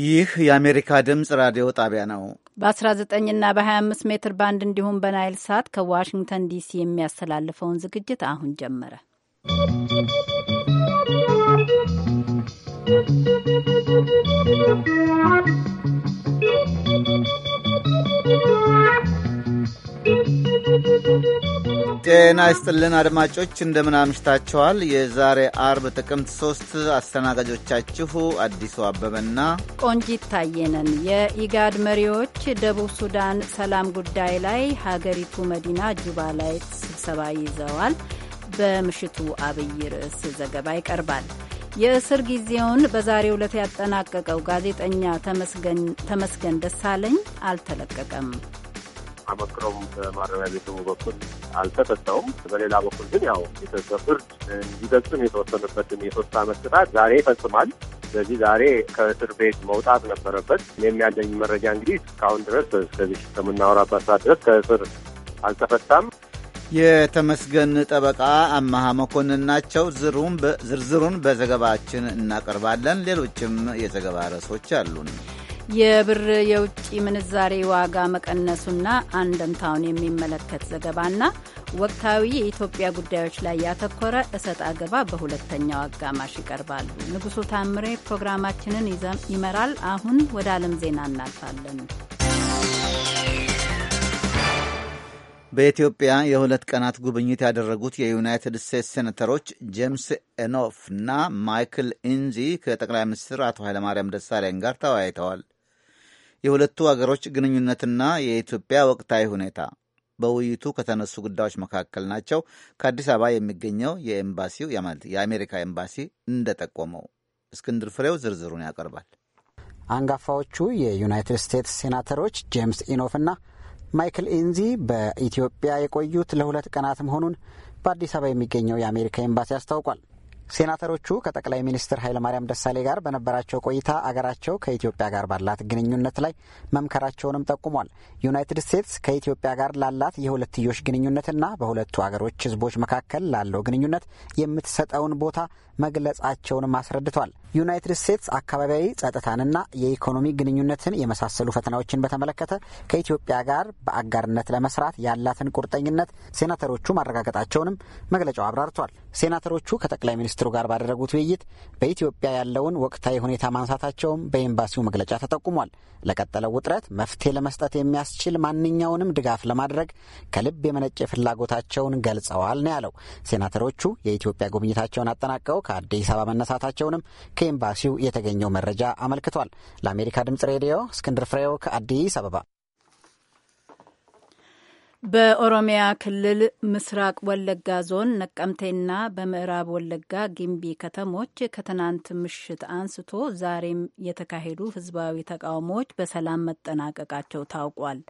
ይህ የአሜሪካ ድምፅ ራዲዮ ጣቢያ ነው። በ19ና በ25 ሜትር ባንድ እንዲሁም በናይል ሳት ከዋሽንግተን ዲሲ የሚያስተላልፈውን ዝግጅት አሁን ጀመረ። ¶¶ ጤና ይስጥልን አድማጮች፣ እንደምን አምሽታችኋል? የዛሬ አርብ ጥቅምት ሶስት አስተናጋጆቻችሁ አዲሱ አበበና ቆንጂት ታየነን። የኢጋድ መሪዎች ደቡብ ሱዳን ሰላም ጉዳይ ላይ ሀገሪቱ መዲና ጁባ ላይ ስብሰባ ይዘዋል። በምሽቱ አብይ ርዕስ ዘገባ ይቀርባል። የእስር ጊዜውን በዛሬው ዕለት ያጠናቀቀው ጋዜጠኛ ተመስገን ደሳለኝ አልተለቀቀም። አመክሮም በማረሚያ ቤቱ በኩል አልተሰጠውም። በሌላ በኩል ግን ያው በፍርድ እንዲፈጽም የተወሰነበትን የሶስት አመት ቅጣት ዛሬ ይፈጽማል። ስለዚህ ዛሬ ከእስር ቤት መውጣት ነበረበት። እኔም መረጃ እንግዲህ እስካሁን ድረስ እስከዚህ እስከምናወራባት ሰዓት ድረስ ከእስር አልተፈታም። የተመስገን ጠበቃ አመሃ መኮንን ናቸው። ዝርዝሩን በዘገባችን እናቀርባለን። ሌሎችም የዘገባ ርዕሶች አሉን። የብር የውጭ ምንዛሬ ዋጋ መቀነሱና አንድምታውን የሚመለከት ዘገባና ወቅታዊ የኢትዮጵያ ጉዳዮች ላይ ያተኮረ እሰጥ አገባ በሁለተኛው አጋማሽ ይቀርባሉ። ንጉሱ ታምሬ ፕሮግራማችንን ይመራል። አሁን ወደ ዓለም ዜና እናልፋለን። በኢትዮጵያ የሁለት ቀናት ጉብኝት ያደረጉት የዩናይትድ ስቴትስ ሴኔተሮች ጄምስ ኤኖፍ እና ማይክል ኢንዚ ከጠቅላይ ሚኒስትር አቶ ኃይለማርያም ደሳለኝ ጋር ተወያይተዋል። የሁለቱ አገሮች ግንኙነትና የኢትዮጵያ ወቅታዊ ሁኔታ በውይይቱ ከተነሱ ጉዳዮች መካከል ናቸው። ከአዲስ አበባ የሚገኘው የኤምባሲው የአሜሪካ ኤምባሲ እንደጠቆመው እስክንድር ፍሬው ዝርዝሩን ያቀርባል። አንጋፋዎቹ የዩናይትድ ስቴትስ ሴናተሮች ጄምስ ኢኖፍ እና ማይክል ኢንዚ በኢትዮጵያ የቆዩት ለሁለት ቀናት መሆኑን በአዲስ አበባ የሚገኘው የአሜሪካ ኤምባሲ አስታውቋል። ሴናተሮቹ ከጠቅላይ ሚኒስትር ኃይለማርያም ደሳሌ ጋር በነበራቸው ቆይታ አገራቸው ከኢትዮጵያ ጋር ባላት ግንኙነት ላይ መምከራቸውንም ጠቁሟል። ዩናይትድ ስቴትስ ከኢትዮጵያ ጋር ላላት የሁለትዮሽ ግንኙነትና በሁለቱ አገሮች ሕዝቦች መካከል ላለው ግንኙነት የምትሰጠውን ቦታ መግለጻቸውንም አስረድቷል። ዩናይትድ ስቴትስ አካባቢያዊ ጸጥታንና የኢኮኖሚ ግንኙነትን የመሳሰሉ ፈተናዎችን በተመለከተ ከኢትዮጵያ ጋር በአጋርነት ለመስራት ያላትን ቁርጠኝነት ሴናተሮቹ ማረጋገጣቸውንም መግለጫው አብራርቷል። ሴናተሮቹ ከጠቅላይ ሚኒስትሩ ጋር ባደረጉት ውይይት በኢትዮጵያ ያለውን ወቅታዊ ሁኔታ ማንሳታቸውም በኤምባሲው መግለጫ ተጠቁሟል። ለቀጠለው ውጥረት መፍትሄ ለመስጠት የሚያስችል ማንኛውንም ድጋፍ ለማድረግ ከልብ የመነጨ ፍላጎታቸውን ገልጸዋል ነው ያለው። ሴናተሮቹ የኢትዮጵያ ጉብኝታቸውን አጠናቀው ከአዲስ አበባ መነሳታቸውንም ከኤምባሲው የተገኘው መረጃ አመልክቷል። ለአሜሪካ ድምጽ ሬዲዮ እስክንድር ፍሬው ከአዲስ አበባ። በኦሮሚያ ክልል ምስራቅ ወለጋ ዞን ነቀምቴና በምዕራብ ወለጋ ጊምቢ ከተሞች ከትናንት ምሽት አንስቶ ዛሬም የተካሄዱ ህዝባዊ ተቃውሞዎች በሰላም መጠናቀቃቸው ታውቋል።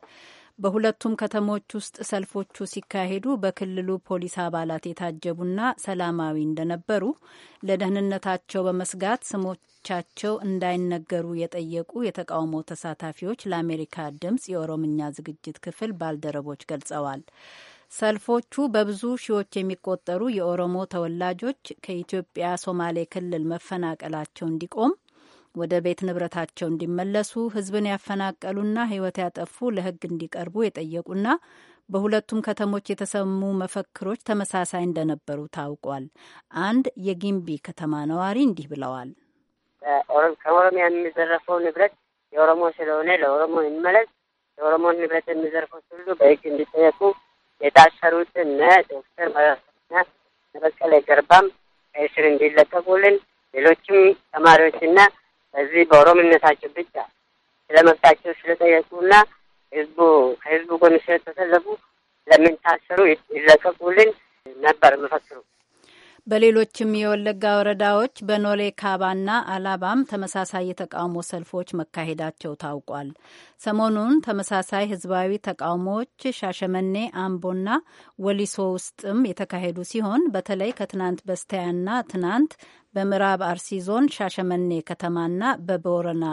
በሁለቱም ከተሞች ውስጥ ሰልፎቹ ሲካሄዱ በክልሉ ፖሊስ አባላት የታጀቡና ሰላማዊ እንደነበሩ ለደህንነታቸው በመስጋት ስሞቻቸው እንዳይነገሩ የጠየቁ የተቃውሞ ተሳታፊዎች ለአሜሪካ ድምጽ የኦሮምኛ ዝግጅት ክፍል ባልደረቦች ገልጸዋል። ሰልፎቹ በብዙ ሺዎች የሚቆጠሩ የኦሮሞ ተወላጆች ከኢትዮጵያ ሶማሌ ክልል መፈናቀላቸው እንዲቆም ወደ ቤት ንብረታቸው እንዲመለሱ ህዝብን ያፈናቀሉና ህይወት ያጠፉ ለህግ እንዲቀርቡ የጠየቁና በሁለቱም ከተሞች የተሰሙ መፈክሮች ተመሳሳይ እንደነበሩ ታውቋል። አንድ የጊምቢ ከተማ ነዋሪ እንዲህ ብለዋል። ከኦሮሚያ የሚዘረፈው ንብረት የኦሮሞ ስለሆነ ለኦሮሞ የሚመለስ የኦሮሞን ንብረት የሚዘርፉት ሁሉ በህግ እንዲጠየቁ፣ የታሰሩት ዶክተር መረራና በቀለ ገርባም ከእስር እንዲለቀቁልን፣ ሌሎችም ተማሪዎችና እዚህ በኦሮምነታቸው ብቻ ስለመብታቸው ስለጠየቁና ህዝቡ ከህዝቡ ጎን ስለተሰለፉ ለምን ታሰሩ ይለቀቁልን ነበር መፈክሩ። በሌሎችም የወለጋ ወረዳዎች በኖሌ ካባና አላባም ተመሳሳይ የተቃውሞ ሰልፎች መካሄዳቸው ታውቋል። ሰሞኑን ተመሳሳይ ህዝባዊ ተቃውሞዎች ሻሸመኔ፣ አምቦና ወሊሶ ውስጥም የተካሄዱ ሲሆን በተለይ ከትናንት በስቲያና ትናንት በምዕራብ አርሲ ዞን ሻሸመኔ ከተማና በቦረና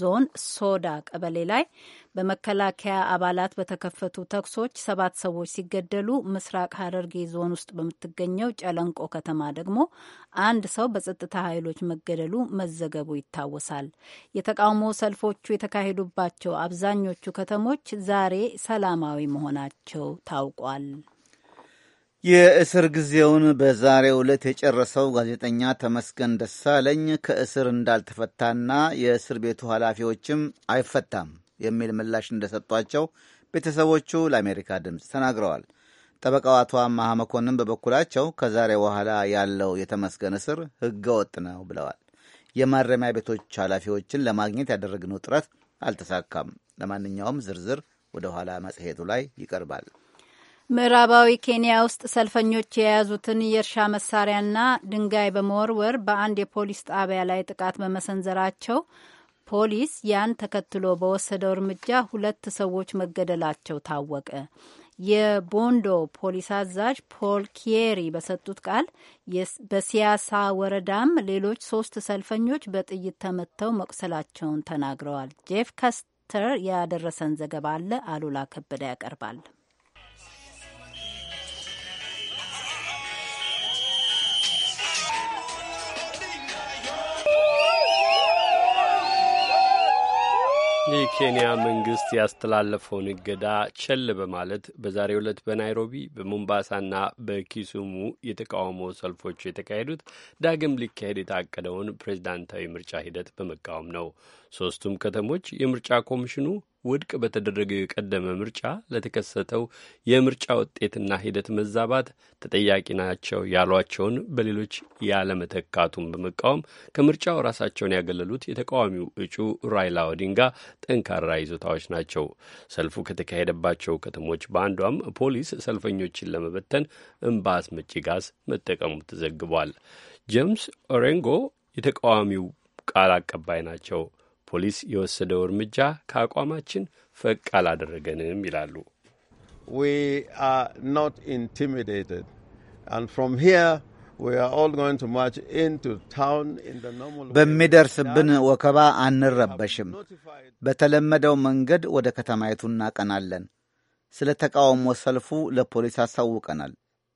ዞን ሶዳ ቀበሌ ላይ በመከላከያ አባላት በተከፈቱ ተኩሶች ሰባት ሰዎች ሲገደሉ ምስራቅ ሀረርጌ ዞን ውስጥ በምትገኘው ጨለንቆ ከተማ ደግሞ አንድ ሰው በጸጥታ ኃይሎች መገደሉ መዘገቡ ይታወሳል። የተቃውሞ ሰልፎቹ የተካሄዱባቸው አብዛኞቹ ከተሞች ዛሬ ሰላማዊ መሆናቸው ታውቋል። የእስር ጊዜውን በዛሬ ዕለት የጨረሰው ጋዜጠኛ ተመስገን ደሳለኝ ከእስር እንዳልተፈታና የእስር ቤቱ ኃላፊዎችም አይፈታም የሚል ምላሽ እንደሰጧቸው ቤተሰቦቹ ለአሜሪካ ድምፅ ተናግረዋል። ጠበቃው አቶ አማሃ መኮንን በበኩላቸው ከዛሬ በኋላ ያለው የተመስገን እስር ወጥ ነው ብለዋል። የማረሚያ ቤቶች ኃላፊዎችን ለማግኘት ያደረግነው ጥረት አልተሳካም። ለማንኛውም ዝርዝር ወደ ኋላ መጽሔቱ ላይ ይቀርባል። ምዕራባዊ ኬንያ ውስጥ ሰልፈኞች የያዙትን የእርሻ መሳሪያና ድንጋይ በመወርወር በአንድ የፖሊስ ጣቢያ ላይ ጥቃት በመሰንዘራቸው ፖሊስ ያን ተከትሎ በወሰደው እርምጃ ሁለት ሰዎች መገደላቸው ታወቀ። የቦንዶ ፖሊስ አዛዥ ፖል ኪየሪ በሰጡት ቃል በሲያሳ ወረዳም ሌሎች ሶስት ሰልፈኞች በጥይት ተመተው መቁሰላቸውን ተናግረዋል። ጄፍ ከስተር ያደረሰን ዘገባ አለ። አሉላ ከበደ ያቀርባል። የኬንያ መንግስት ያስተላለፈውን እገዳ ቸል በማለት በዛሬው ዕለት በናይሮቢ በሞምባሳና በኪሱሙ የተቃውሞ ሰልፎች የተካሄዱት ዳግም ሊካሄድ የታቀደውን ፕሬዚዳንታዊ ምርጫ ሂደት በመቃወም ነው። ሦስቱም ከተሞች የምርጫ ኮሚሽኑ ውድቅ በተደረገው የቀደመ ምርጫ ለተከሰተው የምርጫ ውጤትና ሂደት መዛባት ተጠያቂ ናቸው ያሏቸውን በሌሎች ያለመተካቱን በመቃወም ከምርጫው ራሳቸውን ያገለሉት የተቃዋሚው እጩ ራይላ ኦዲንጋ ጠንካራ ይዞታዎች ናቸው። ሰልፉ ከተካሄደባቸው ከተሞች በአንዷም ፖሊስ ሰልፈኞችን ለመበተን እምባ አስመጪ ጋዝ መጠቀሙ ተዘግቧል። ጄምስ ኦሬንጎ የተቃዋሚው ቃል አቀባይ ናቸው። ፖሊስ የወሰደው እርምጃ ከአቋማችን ፈቅ አላደረገንም ይላሉ። በሚደርስብን ወከባ አንረበሽም። በተለመደው መንገድ ወደ ከተማይቱ እናቀናለን። ስለ ተቃውሞ ሰልፉ ለፖሊስ አሳውቀናል።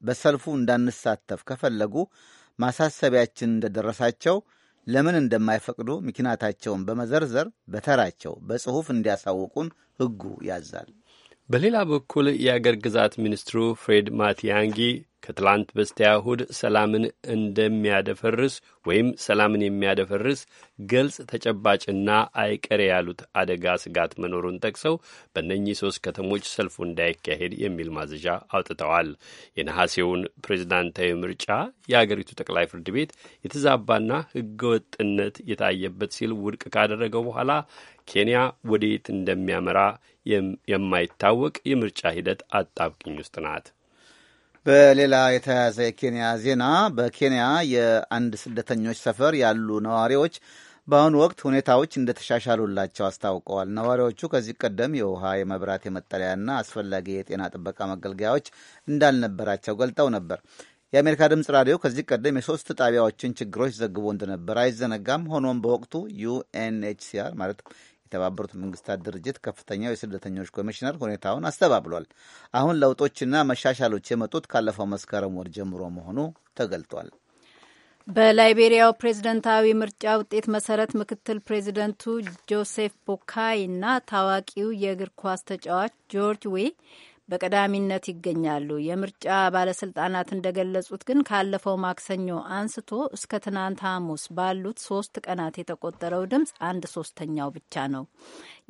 በሰልፉ እንዳንሳተፍ ከፈለጉ ማሳሰቢያችን እንደደረሳቸው ለምን እንደማይፈቅዱ ምክንያታቸውን በመዘርዘር በተራቸው በጽሑፍ እንዲያሳውቁን ሕጉ ያዛል። በሌላ በኩል የአገር ግዛት ሚኒስትሩ ፍሬድ ማቲያንጊ ከትላንት በስቲያ እሁድ ሰላምን እንደሚያደፈርስ ወይም ሰላምን የሚያደፈርስ ግልጽ ተጨባጭና አይቀሬ ያሉት አደጋ ስጋት መኖሩን ጠቅሰው በእነኚህ ሶስት ከተሞች ሰልፉ እንዳይካሄድ የሚል ማዘዣ አውጥተዋል። የነሐሴውን ፕሬዝዳንታዊ ምርጫ የአገሪቱ ጠቅላይ ፍርድ ቤት የተዛባና ሕገወጥነት የታየበት ሲል ውድቅ ካደረገው በኋላ ኬንያ ወዴት እንደሚያመራ የማይታወቅ የምርጫ ሂደት አጣብቅኝ ውስጥ ናት። በሌላ የተያያዘ የኬንያ ዜና በኬንያ የአንድ ስደተኞች ሰፈር ያሉ ነዋሪዎች በአሁኑ ወቅት ሁኔታዎች እንደተሻሻሉላቸው አስታውቀዋል። ነዋሪዎቹ ከዚህ ቀደም የውሃ፣ የመብራት፣ የመጠለያና አስፈላጊ የጤና ጥበቃ መገልገያዎች እንዳልነበራቸው ገልጠው ነበር። የአሜሪካ ድምፅ ራዲዮ ከዚህ ቀደም የሶስት ጣቢያዎችን ችግሮች ዘግቦ እንደነበር አይዘነጋም። ሆኖም በወቅቱ ዩኤንኤችሲአር ማለት የተባበሩት መንግስታት ድርጅት ከፍተኛው የስደተኞች ኮሚሽነር ሁኔታውን አስተባብሏል። አሁን ለውጦችና መሻሻሎች የመጡት ካለፈው መስከረም ወር ጀምሮ መሆኑ ተገልጧል። በላይቤሪያው ፕሬዝደንታዊ ምርጫ ውጤት መሰረት ምክትል ፕሬዝደንቱ ጆሴፍ ቦካይ እና ታዋቂው የእግር ኳስ ተጫዋች ጆርጅ ዌ በቀዳሚነት ይገኛሉ። የምርጫ ባለስልጣናት እንደገለጹት ግን ካለፈው ማክሰኞ አንስቶ እስከ ትናንት ሐሙስ ባሉት ሶስት ቀናት የተቆጠረው ድምፅ አንድ ሶስተኛው ብቻ ነው።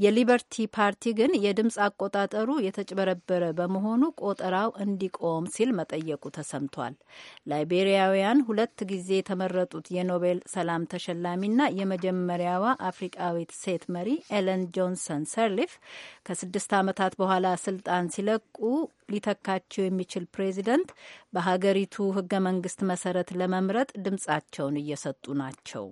የሊበርቲ ፓርቲ ግን የድምፅ አቆጣጠሩ የተጭበረበረ በመሆኑ ቆጠራው እንዲቆም ሲል መጠየቁ ተሰምቷል። ላይቤሪያውያን ሁለት ጊዜ የተመረጡት የኖቤል ሰላም ተሸላሚና የመጀመሪያዋ አፍሪቃዊት ሴት መሪ ኤለን ጆንሰን ሰርሊፍ ከስድስት ዓመታት በኋላ ስልጣን ሲለቁ ሊተካቸው የሚችል ፕሬዚደንት በሀገሪቱ ህገ መንግስት መሰረት ለመምረጥ ድምጻቸውን እየሰጡ ናቸው።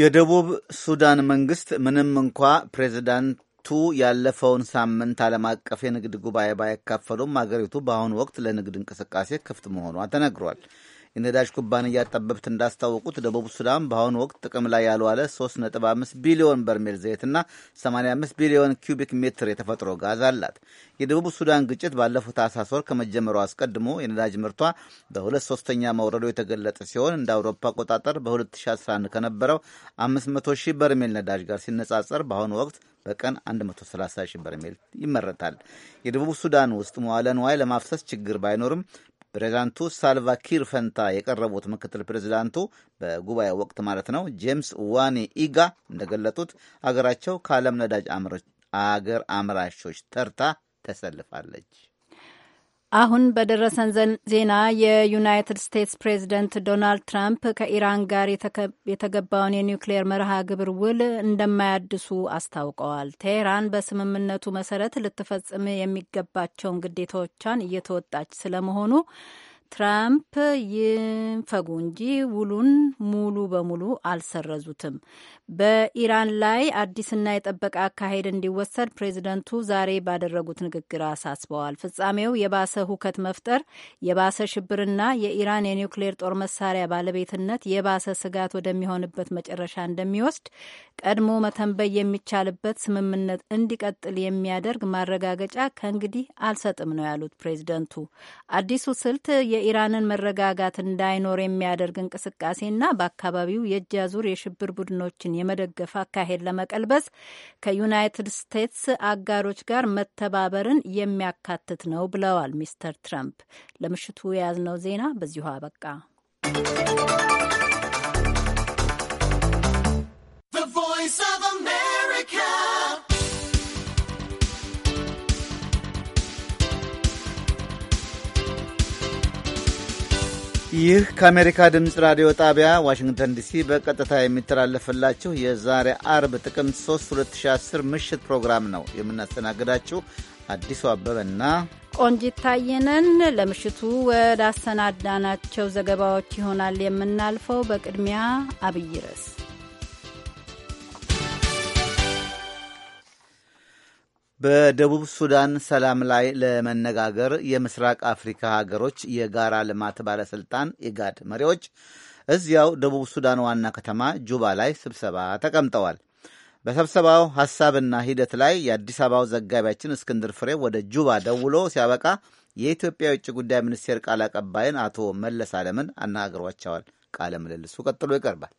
የደቡብ ሱዳን መንግስት ምንም እንኳ ፕሬዚዳንቱ ያለፈውን ሳምንት ዓለም አቀፍ የንግድ ጉባኤ ባይካፈሉም አገሪቱ በአሁኑ ወቅት ለንግድ እንቅስቃሴ ክፍት መሆኗ ተነግሯል። የነዳጅ ኩባንያ ጠበብት እንዳስታወቁት ደቡብ ሱዳን በአሁኑ ወቅት ጥቅም ላይ ያልዋለ 3.5 ቢሊዮን በርሜል ዘይትና 85 ቢሊዮን ኪዩቢክ ሜትር የተፈጥሮ ጋዝ አላት። የደቡብ ሱዳን ግጭት ባለፉት ታህሳስ ወር ከመጀመሩ አስቀድሞ የነዳጅ ምርቷ በሁለት ሶስተኛ መውረዶ የተገለጠ ሲሆን እንደ አውሮፓ አቆጣጠር በ2011 ከነበረው 500 ሺህ በርሜል ነዳጅ ጋር ሲነጻጸር በአሁኑ ወቅት በቀን 130 ሺህ በርሜል ይመረታል። የደቡብ ሱዳን ውስጥ መዋለ ንዋይ ለማፍሰስ ችግር ባይኖርም ፕሬዚዳንቱ ሳልቫኪር ፈንታ የቀረቡት ምክትል ፕሬዚዳንቱ በጉባኤ ወቅት ማለት ነው ጄምስ ዋኒ ኢጋ እንደገለጡት አገራቸው ከዓለም ነዳጅ አገር አምራቾች ተርታ ተሰልፋለች። አሁን በደረሰን ዜና የዩናይትድ ስቴትስ ፕሬዚደንት ዶናልድ ትራምፕ ከኢራን ጋር የተገባውን የኒውክሌር መርሃ ግብር ውል እንደማያድሱ አስታውቀዋል። ቴህራን በስምምነቱ መሰረት ልትፈጽም የሚገባቸውን ግዴታዎቿን እየተወጣች ስለመሆኑ ትራምፕ ይንፈጉ እንጂ ውሉን ሙሉ በሙሉ አልሰረዙትም። በኢራን ላይ አዲስና የጠበቀ አካሄድ እንዲወሰድ ፕሬዚደንቱ ዛሬ ባደረጉት ንግግር አሳስበዋል። ፍጻሜው የባሰ ሁከት መፍጠር፣ የባሰ ሽብርና የኢራን የኒውክሌር ጦር መሳሪያ ባለቤትነት የባሰ ስጋት ወደሚሆንበት መጨረሻ እንደሚወስድ ቀድሞ መተንበይ የሚቻልበት ስምምነት እንዲቀጥል የሚያደርግ ማረጋገጫ ከእንግዲህ አልሰጥም ነው ያሉት ፕሬዚደንቱ አዲሱ ስልት የኢራንን መረጋጋት እንዳይኖር የሚያደርግ እንቅስቃሴና በአካባቢው የእጅ አዙር የሽብር ቡድኖችን የመደገፍ አካሄድ ለመቀልበስ ከዩናይትድ ስቴትስ አጋሮች ጋር መተባበርን የሚያካትት ነው ብለዋል ሚስተር ትራምፕ። ለምሽቱ የያዝነው ዜና በዚሁ አበቃ። ይህ ከአሜሪካ ድምፅ ራዲዮ ጣቢያ ዋሽንግተን ዲሲ በቀጥታ የሚተላለፍላችሁ የዛሬ አርብ ጥቅምት 3 2010 ምሽት ፕሮግራም ነው። የምናስተናግዳችሁ አዲሱ አበበና ቆንጂት ታየነን። ለምሽቱ አሰናዳናቸው ዘገባዎች ይሆናል የምናልፈው። በቅድሚያ አብይ ርዕስ በደቡብ ሱዳን ሰላም ላይ ለመነጋገር የምስራቅ አፍሪካ ሀገሮች የጋራ ልማት ባለስልጣን ኢጋድ መሪዎች እዚያው ደቡብ ሱዳን ዋና ከተማ ጁባ ላይ ስብሰባ ተቀምጠዋል። በስብሰባው ሐሳብና ሂደት ላይ የአዲስ አበባው ዘጋቢያችን እስክንድር ፍሬ ወደ ጁባ ደውሎ ሲያበቃ የኢትዮጵያ የውጭ ጉዳይ ሚኒስቴር ቃል አቀባይን አቶ መለስ አለምን አነጋግሯቸዋል። ቃለ ምልልሱ ቀጥሎ ይቀርባል።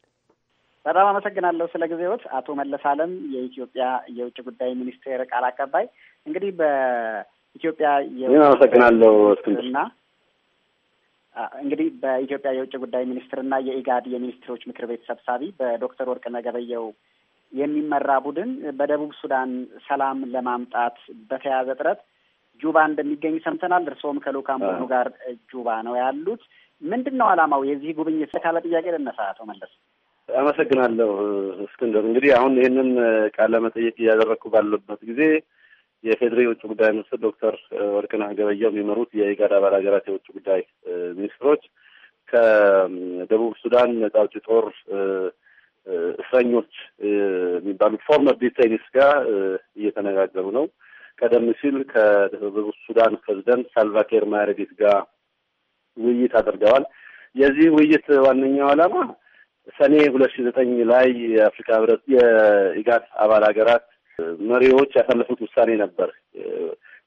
በጣም አመሰግናለሁ ስለ ጊዜዎት አቶ መለስ አለም፣ የኢትዮጵያ የውጭ ጉዳይ ሚኒስቴር ቃል አቀባይ። እንግዲህ በኢትዮጵያ አመሰግናለሁ እና እንግዲህ በኢትዮጵያ የውጭ ጉዳይ ሚኒስትርና የኢጋድ የሚኒስትሮች ምክር ቤት ሰብሳቢ በዶክተር ወርቅ ነገበየው የሚመራ ቡድን በደቡብ ሱዳን ሰላም ለማምጣት በተያያዘ ጥረት ጁባ እንደሚገኝ ሰምተናል። እርስዎም ከልዑካን ቡድኑ ጋር ጁባ ነው ያሉት። ምንድን ነው ዓላማው የዚህ ጉብኝት? ካለ ጥያቄ ልነሳ አቶ መለስ አመሰግናለሁ እስክንደር። እንግዲህ አሁን ይህንን ቃለ መጠየቅ እያደረግኩ ባለበት ጊዜ የፌዴሬ የውጭ ጉዳይ ሚኒስትር ዶክተር ወርቅነህ ገበየሁ የሚመሩት የኢጋድ አባል ሀገራት የውጭ ጉዳይ ሚኒስትሮች ከደቡብ ሱዳን ነጻ አውጪ ጦር እስረኞች የሚባሉት ፎርመር ዲቴይኒስ ጋር እየተነጋገሩ ነው። ቀደም ሲል ከደቡብ ሱዳን ፕሬዚደንት ሳልቫኪር ማያርዲት ጋር ውይይት አድርገዋል። የዚህ ውይይት ዋነኛው ዓላማ ሰኔ ሁለት ሺ ዘጠኝ ላይ የአፍሪካ ህብረት የኢጋድ አባል ሀገራት መሪዎች ያሳለፉት ውሳኔ ነበር።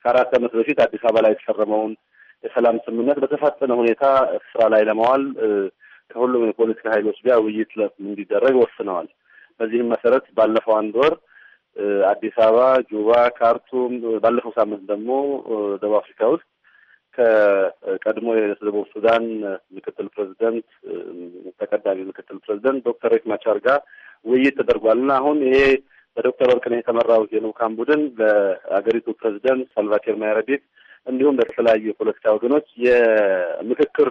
ከአራት ዓመት በፊት አዲስ አበባ ላይ የተፈረመውን የሰላም ስምምነት በተፋጠነ ሁኔታ ስራ ላይ ለማዋል ከሁሉም የፖለቲካ ኃይሎች ጋር ውይይት እንዲደረግ ወስነዋል። በዚህም መሰረት ባለፈው አንድ ወር አዲስ አበባ፣ ጁባ፣ ካርቱም፣ ባለፈው ሳምንት ደግሞ ደቡብ አፍሪካ ውስጥ ከቀድሞ የደቡብ ሱዳን ምክትል ፕሬዚደንት ተቀዳሚ ምክትል ፕሬዚደንት ዶክተር ሬክ ማቻር ጋር ውይይት ተደርጓል እና አሁን ይሄ በዶክተር ወርቅነህ የተመራው የልዑካን ቡድን ለአገሪቱ ፕሬዚደንት ሳልቫኪር ማያርዲት እንዲሁም ለተለያዩ የፖለቲካ ወገኖች የምክክር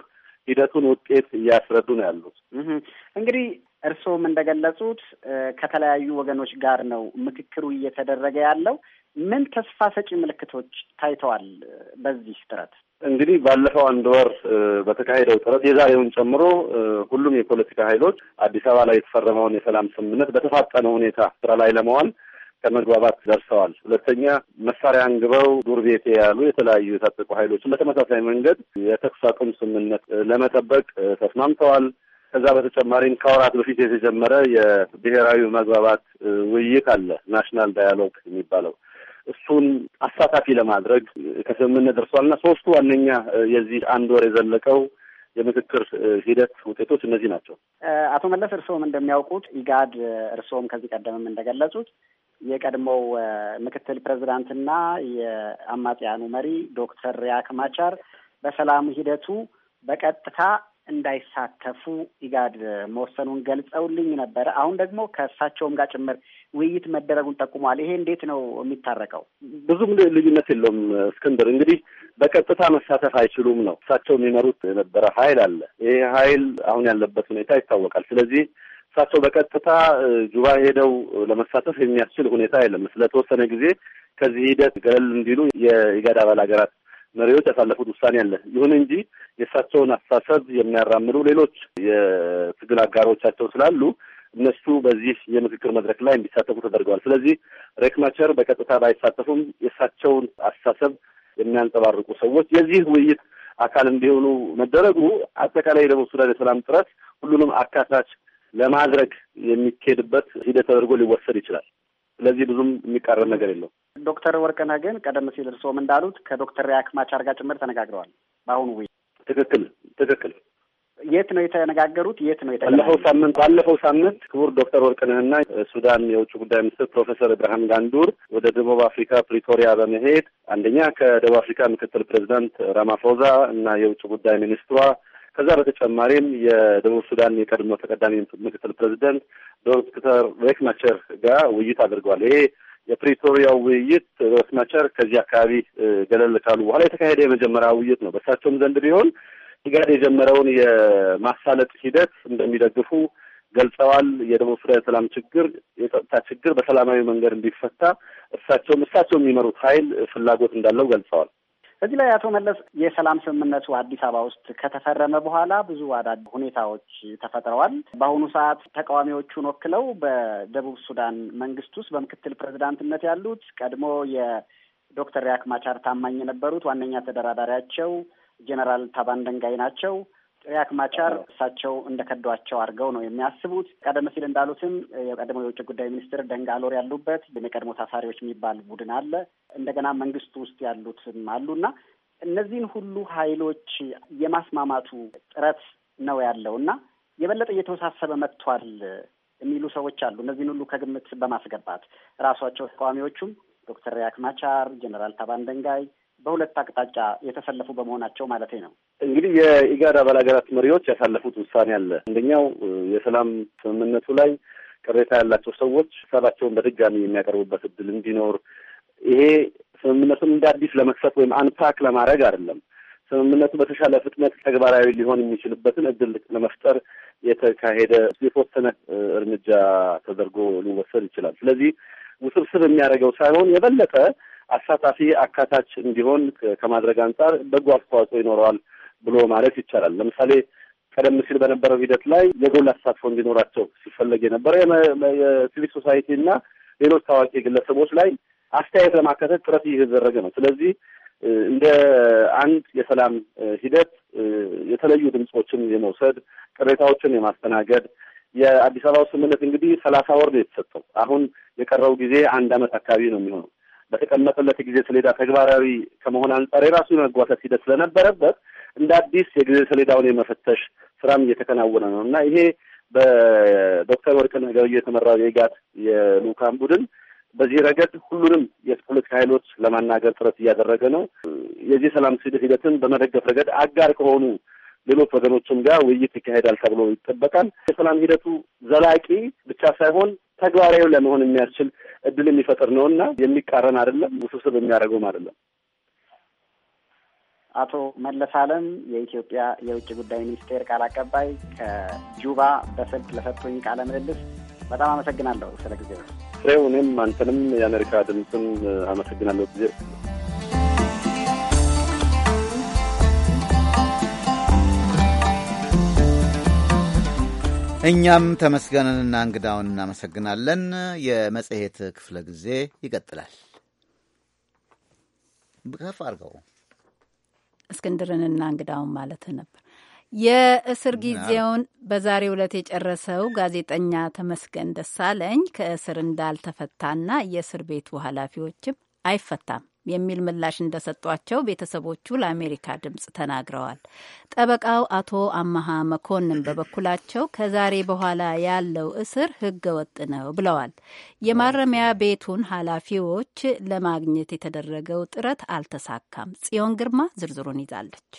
ሂደቱን ውጤት እያስረዱ ነው ያሉት። እንግዲህ እርስዎም እንደገለጹት ከተለያዩ ወገኖች ጋር ነው ምክክሩ እየተደረገ ያለው። ምን ተስፋ ሰጪ ምልክቶች ታይተዋል በዚህ ጥረት? እንግዲህ ባለፈው አንድ ወር በተካሄደው ጥረት የዛሬውን ጨምሮ ሁሉም የፖለቲካ ኃይሎች አዲስ አበባ ላይ የተፈረመውን የሰላም ስምምነት በተፋጠነ ሁኔታ ስራ ላይ ለመዋል ከመግባባት ደርሰዋል። ሁለተኛ መሳሪያ አንግበው ዱር ቤቴ ያሉ የተለያዩ የታጠቁ ኃይሎችን በተመሳሳይ መንገድ የተኩስ አቁም ስምምነት ለመጠበቅ ተስማምተዋል። ከዛ በተጨማሪም ከወራት በፊት የተጀመረ የብሔራዊ መግባባት ውይይት አለ፣ ናሽናል ዳያሎግ የሚባለው እሱን አሳታፊ ለማድረግ ከስምምነት ደርሷልና ሶስቱ ዋነኛ የዚህ አንድ ወር የዘለቀው የምክክር ሂደት ውጤቶች እነዚህ ናቸው። አቶ መለስ እርስዎም እንደሚያውቁት ኢጋድ እርስዎም ከዚህ ቀደምም እንደገለጹት የቀድሞው ምክትል ፕሬዚዳንትና የአማጽያኑ መሪ ዶክተር ሪያክ ማቻር በሰላም ሂደቱ በቀጥታ እንዳይሳተፉ ኢጋድ መወሰኑን ገልጸውልኝ ነበረ። አሁን ደግሞ ከእሳቸውም ጋር ጭምር ውይይት መደረጉን ጠቁሟል። ይሄ እንዴት ነው የሚታረቀው? ብዙም ልዩነት የለውም እስክንድር። እንግዲህ በቀጥታ መሳተፍ አይችሉም ነው። እሳቸው የሚመሩት የነበረ ኃይል አለ። ይሄ ኃይል አሁን ያለበት ሁኔታ ይታወቃል። ስለዚህ እሳቸው በቀጥታ ጁባ ሄደው ለመሳተፍ የሚያስችል ሁኔታ የለም። ስለተወሰነ ጊዜ ከዚህ ሂደት ገለል እንዲሉ የኢጋድ አባል ሀገራት መሪዎች ያሳለፉት ውሳኔ አለ። ይሁን እንጂ የእሳቸውን አስተሳሰብ የሚያራምዱ ሌሎች የትግል አጋሮቻቸው ስላሉ እነሱ በዚህ የምክክር መድረክ ላይ እንዲሳተፉ ተደርገዋል። ስለዚህ ሬክማቸር በቀጥታ ባይሳተፉም የእሳቸውን አስተሳሰብ የሚያንጸባርቁ ሰዎች የዚህ ውይይት አካል እንዲሆኑ መደረጉ አጠቃላይ የደቡብ ሱዳን የሰላም ጥረት ሁሉንም አካታች ለማድረግ የሚካሄድበት ሂደት ተደርጎ ሊወሰድ ይችላል። ስለዚህ ብዙም የሚቃረን ነገር የለው። ዶክተር ወርቅነህ ግን ቀደም ሲል እርስዎም እንዳሉት ከዶክተር ሪያክ ማቻር ጋር ጭምር ተነጋግረዋል። በአሁኑ ውይ ትክክል ትክክል የት ነው የተነጋገሩት? የት ነው ባለፈው ሳምንት ባለፈው ሳምንት ክቡር ዶክተር ወርቅነህና ሱዳን የውጭ ጉዳይ ሚኒስትር ፕሮፌሰር ብርሃን ጋንዱር ወደ ደቡብ አፍሪካ ፕሪቶሪያ በመሄድ አንደኛ ከደቡብ አፍሪካ ምክትል ፕሬዚዳንት ራማፎዛ እና የውጭ ጉዳይ ሚኒስትሯ ከዛ በተጨማሪም የደቡብ ሱዳን የቀድሞ ተቀዳሚ ምክትል ፕሬዚደንት ዶክተር ሬክ ማቸር ጋር ውይይት አድርገዋል። ይሄ የፕሪቶሪያው ውይይት ሬክ ማቸር ከዚህ አካባቢ ገለል ካሉ በኋላ የተካሄደ የመጀመሪያ ውይይት ነው። በእሳቸውም ዘንድ ቢሆን ኢጋድ የጀመረውን የማሳለጥ ሂደት እንደሚደግፉ ገልጸዋል። የደቡብ ሱዳን የሰላም ችግር የጸጥታ ችግር በሰላማዊ መንገድ እንዲፈታ እሳቸውም እሳቸው የሚመሩት ኃይል ፍላጎት እንዳለው ገልጸዋል። እዚህ ላይ አቶ መለስ የሰላም ስምምነቱ አዲስ አበባ ውስጥ ከተፈረመ በኋላ ብዙ አዳድ ሁኔታዎች ተፈጥረዋል። በአሁኑ ሰዓት ተቃዋሚዎቹን ወክለው በደቡብ ሱዳን መንግስት ውስጥ በምክትል ፕሬዚዳንትነት ያሉት ቀድሞ የዶክተር ሪያክ ማቻር ታማኝ የነበሩት ዋነኛ ተደራዳሪያቸው ጄኔራል ታባን ደንጋይ ናቸው። ሪያክ ማቻር እሳቸው እንደከዷቸው አድርገው ነው የሚያስቡት። ቀደም ሲል እንዳሉትም የቀድሞ የውጭ ጉዳይ ሚኒስትር ደንጋሎር ያሉበት የቀድሞ ታሳሪዎች የሚባል ቡድን አለ። እንደገና መንግስቱ ውስጥ ያሉትም እና እነዚህን ሁሉ ኃይሎች የማስማማቱ ጥረት ነው ያለው እና የበለጠ እየተወሳሰበ መጥቷል የሚሉ ሰዎች አሉ። እነዚህን ሁሉ ከግምት በማስገባት ራሷቸው ተቃዋሚዎቹም ዶክተር ሪያክ ማቻር፣ ጀኔራል ታባን ደንጋይ በሁለት አቅጣጫ የተሰለፉ በመሆናቸው ማለት ነው። እንግዲህ የኢጋድ አባል ሀገራት መሪዎች ያሳለፉት ውሳኔ አለ። አንደኛው የሰላም ስምምነቱ ላይ ቅሬታ ያላቸው ሰዎች ሰባቸውን በድጋሚ የሚያቀርቡበት እድል እንዲኖር ይሄ ስምምነቱን እንደ አዲስ ለመክፈት ወይም አንፓክ ለማድረግ አይደለም። ስምምነቱ በተሻለ ፍጥነት ተግባራዊ ሊሆን የሚችልበትን እድል ለመፍጠር የተካሄደ የተወሰነ እርምጃ ተደርጎ ሊወሰድ ይችላል። ስለዚህ ውስብስብ የሚያደርገው ሳይሆን የበለጠ አሳታፊ አካታች እንዲሆን ከማድረግ አንጻር በጎ አስተዋጽኦ ይኖረዋል ብሎ ማለት ይቻላል። ለምሳሌ ቀደም ሲል በነበረው ሂደት ላይ የጎላ ተሳትፎ እንዲኖራቸው ሲፈለግ የነበረ የሲቪል ሶሳይቲ እና ሌሎች ታዋቂ ግለሰቦች ላይ አስተያየት ለማካተት ጥረት እየተደረገ ነው። ስለዚህ እንደ አንድ የሰላም ሂደት የተለዩ ድምፆችን የመውሰድ ቅሬታዎችን የማስተናገድ የአዲስ አበባው ስምምነት እንግዲህ ሰላሳ ወር ነው የተሰጠው። አሁን የቀረው ጊዜ አንድ አመት አካባቢ ነው የሚሆነው። በተቀመጠለት የጊዜ ሰሌዳ ተግባራዊ ከመሆን አንጻር የራሱ የመጓተት ሂደት ስለነበረበት እንደ አዲስ የጊዜ ሰሌዳውን የመፈተሽ ስራም እየተከናወነ ነው እና ይሄ በዶክተር ወርቅነህ ገበየሁ የተመራው የኢጋድ የልኡካን ቡድን በዚህ ረገድ ሁሉንም የፖለቲካ ኃይሎች ለማናገር ጥረት እያደረገ ነው። የዚህ ሰላም ሂደትን በመደገፍ ረገድ አጋር ከሆኑ ሌሎች ወገኖችም ጋር ውይይት ይካሄዳል ተብሎ ይጠበቃል። የሰላም ሂደቱ ዘላቂ ብቻ ሳይሆን ተግባራዊ ለመሆን የሚያስችል እድል የሚፈጥር ነው እና የሚቃረን አይደለም፣ ውስብስብ የሚያደርገውም አይደለም። አቶ መለስ አለም የኢትዮጵያ የውጭ ጉዳይ ሚኒስቴር ቃል አቀባይ ከጁባ በስልክ ለሰጡኝ ቃለ ምልልስ በጣም አመሰግናለሁ። ስለ ጊዜ ፍሬው፣ እኔም አንተንም የአሜሪካ ድምፅን አመሰግናለሁ ጊዜ እኛም ተመስገንንና እንግዳውን እናመሰግናለን። የመጽሔት ክፍለ ጊዜ ይቀጥላል። ከፍ አድርገው እስክንድርንና እንግዳውን ማለት ነበር። የእስር ጊዜውን በዛሬ ዕለት የጨረሰው ጋዜጠኛ ተመስገን ደሳለኝ ከእስር እንዳልተፈታና የእስር ቤቱ ኃላፊዎችም አይፈታም የሚል ምላሽ እንደሰጧቸው ቤተሰቦቹ ለአሜሪካ ድምጽ ተናግረዋል። ጠበቃው አቶ አመሃ መኮንን በበኩላቸው ከዛሬ በኋላ ያለው እስር ህገ ወጥ ነው ብለዋል። የማረሚያ ቤቱን ኃላፊዎች ለማግኘት የተደረገው ጥረት አልተሳካም። ጽዮን ግርማ ዝርዝሩን ይዛለች።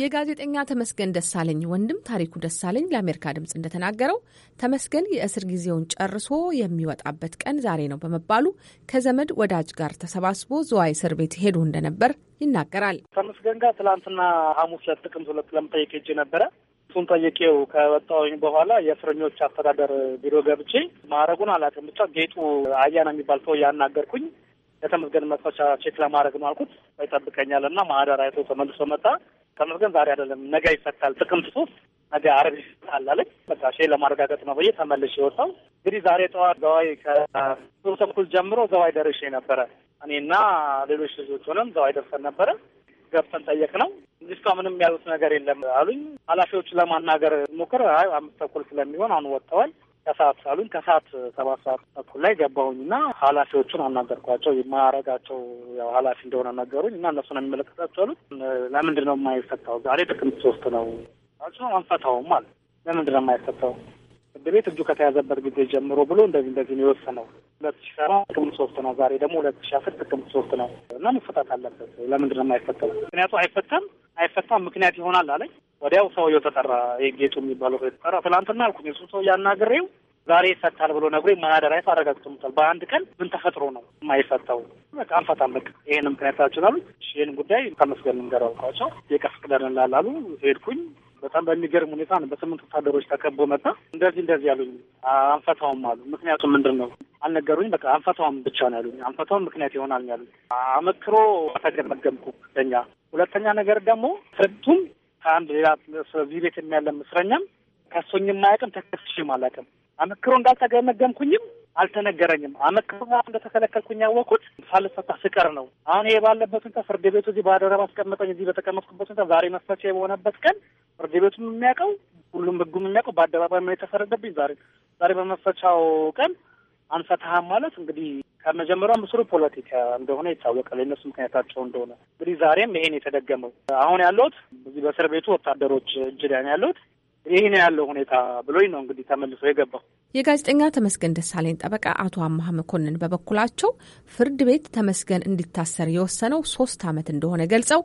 የጋዜጠኛ ተመስገን ደሳለኝ ወንድም ታሪኩ ደሳለኝ ለአሜሪካ ድምፅ እንደተናገረው ተመስገን የእስር ጊዜውን ጨርሶ የሚወጣበት ቀን ዛሬ ነው በመባሉ ከዘመድ ወዳጅ ጋር ተሰባስቦ ዝዋይ እስር ቤት ሄዶ እንደነበር ይናገራል። ተመስገን ጋር ትላንትና ሐሙስ ዕለት ጥቅምት ሁለት ለመጠየቅ ሄጄ ነበረ። እሱን ጠየቄው ከወጣሁኝ በኋላ የእስረኞች አስተዳደር ቢሮ ገብቼ ማድረጉን አላውቅም፣ ብቻ ጌጡ አያና የሚባል ሰው ያናገርኩኝ የተመስገን መክፈቻ ቼክ ለማድረግ ነው አልኩት። ይጠብቀኛል እና ማህደር አይቶ ተመልሶ መጣ። ተመስገን ዛሬ አይደለም ነገ ይፈታል፣ ጥቅምት ሶስት ነገ አረብ ይፈታል አለች። በቃ ሼ ለማረጋገጥ ነው ብዬ ተመልሼ ወጣሁ። እንግዲህ ዛሬ ጠዋት ዘዋይ ከሶስት ተኩል ጀምሮ ዘዋይ ደርሼ ነበረ። እኔና ሌሎች ልጆች ሆነም ዘዋይ ደርሰን ነበረ። ገብተን ጠየቅ ነው እስካ ምንም ያሉት ነገር የለም አሉኝ። ኃላፊዎቹ ለማናገር ሞክር አይ አምስት ተኩል ስለሚሆን አሁን ወጥተዋል ከሰዓት ሳሉኝ ከሰዓት ሰባት ሰዓት ተኩል ላይ ገባሁኝ እና ኃላፊዎቹን አናገርኳቸው። የማያረጋቸው ያው ኃላፊ እንደሆነ ነገሩኝ እና እነሱን የሚመለከታቸው አሉት። ለምንድን ነው የማይፈታው? ዛሬ ጥቅምት ሶስት ነው አልሱ አንፈታውም አለ። ለምንድን ነው የማይፈታው? ፍርድ ቤት እጁ ከተያዘበት ጊዜ ጀምሮ ብሎ እንደዚህ እንደዚህ ነው የወሰነው። ሁለት ሺ ሰባ ጥቅምት ሶስት ነው ዛሬ ደግሞ ሁለት ሺ አስር ጥቅምት ሶስት ነው እና መፈታት አለበት። ለምንድን ነው የማይፈታው? ምክንያቱ አይፈታም አይፈታም ምክንያት ይሆናል አለኝ። ወዲያው ሰውየው ተጠራ። የጌጡ የሚባለው ሰው የተጠራ ትላንትና አልኩኝ እሱ ሰው ያናግሬው ዛሬ ይፈታል ብሎ ነግሮ ማህደራዊት አረጋግጥሙታል በአንድ ቀን ምን ተፈጥሮ ነው የማይፈታው? በቃ አንፈታም፣ በቃ ይህን ምክንያት አሉ። ይህን ጉዳይ ከመስገን ልንገር አልኳቸው። ሄድኩኝ። በጣም በሚገርም ሁኔታ ነው። በስምንት ወታደሮች ተከቦ መጣ። እንደዚህ እንደዚህ ያሉኝ፣ አንፈታውም አሉ። ምክንያቱም ምንድን ነው አልነገሩኝ። በቃ አንፈታውም ብቻ ነው ያሉኝ። አንፈታውም ምክንያት ይሆናል ያሉኝ። አመክሮ ተገመገምኩ። ሁለተኛ ነገር ደግሞ ፍርቱም ከአንድ ሌላ ስለዚህ ቤት የሚያለም እስረኛም ከሶኝም አያውቅም ተከስሽም አላውቅም። አመክሮ እንዳልተገመገምኩኝም አልተነገረኝም። አመክሮ እንደተከለከልኩኝ ያወቅኩት ሳልፈታ ስቀር ነው። አሁን ይሄ ባለበት ሁኔታ ፍርድ ቤቱ እዚህ ባደረብ አስቀመጠኝ። እዚህ በተቀመጥኩበት ሁኔታ ዛሬ መፈቻ የሆነበት ቀን ፍርድ ቤቱም የሚያውቀው ሁሉም ህጉም የሚያውቀው በአደባባይ ነው የተፈረደብኝ። ዛሬ ዛሬ በመፈቻው ቀን አንፈታህም ማለት እንግዲህ ከመጀመሪያው ምስሩ ፖለቲካ እንደሆነ ይታወቃል። የነሱ ምክንያታቸው እንደሆነ እንግዲህ ዛሬም ይሄን የተደገመው አሁን ያለሁት እዚህ በእስር ቤቱ ወታደሮች እጅ ላይ ያለሁት ይህ ነው ያለው ሁኔታ ብሎኝ ነው እንግዲህ ተመልሶ የገባው። የጋዜጠኛ ተመስገን ደሳለኝ ጠበቃ አቶ አማሀ መኮንን በበኩላቸው ፍርድ ቤት ተመስገን እንዲታሰር የወሰነው ሶስት ዓመት እንደሆነ ገልጸው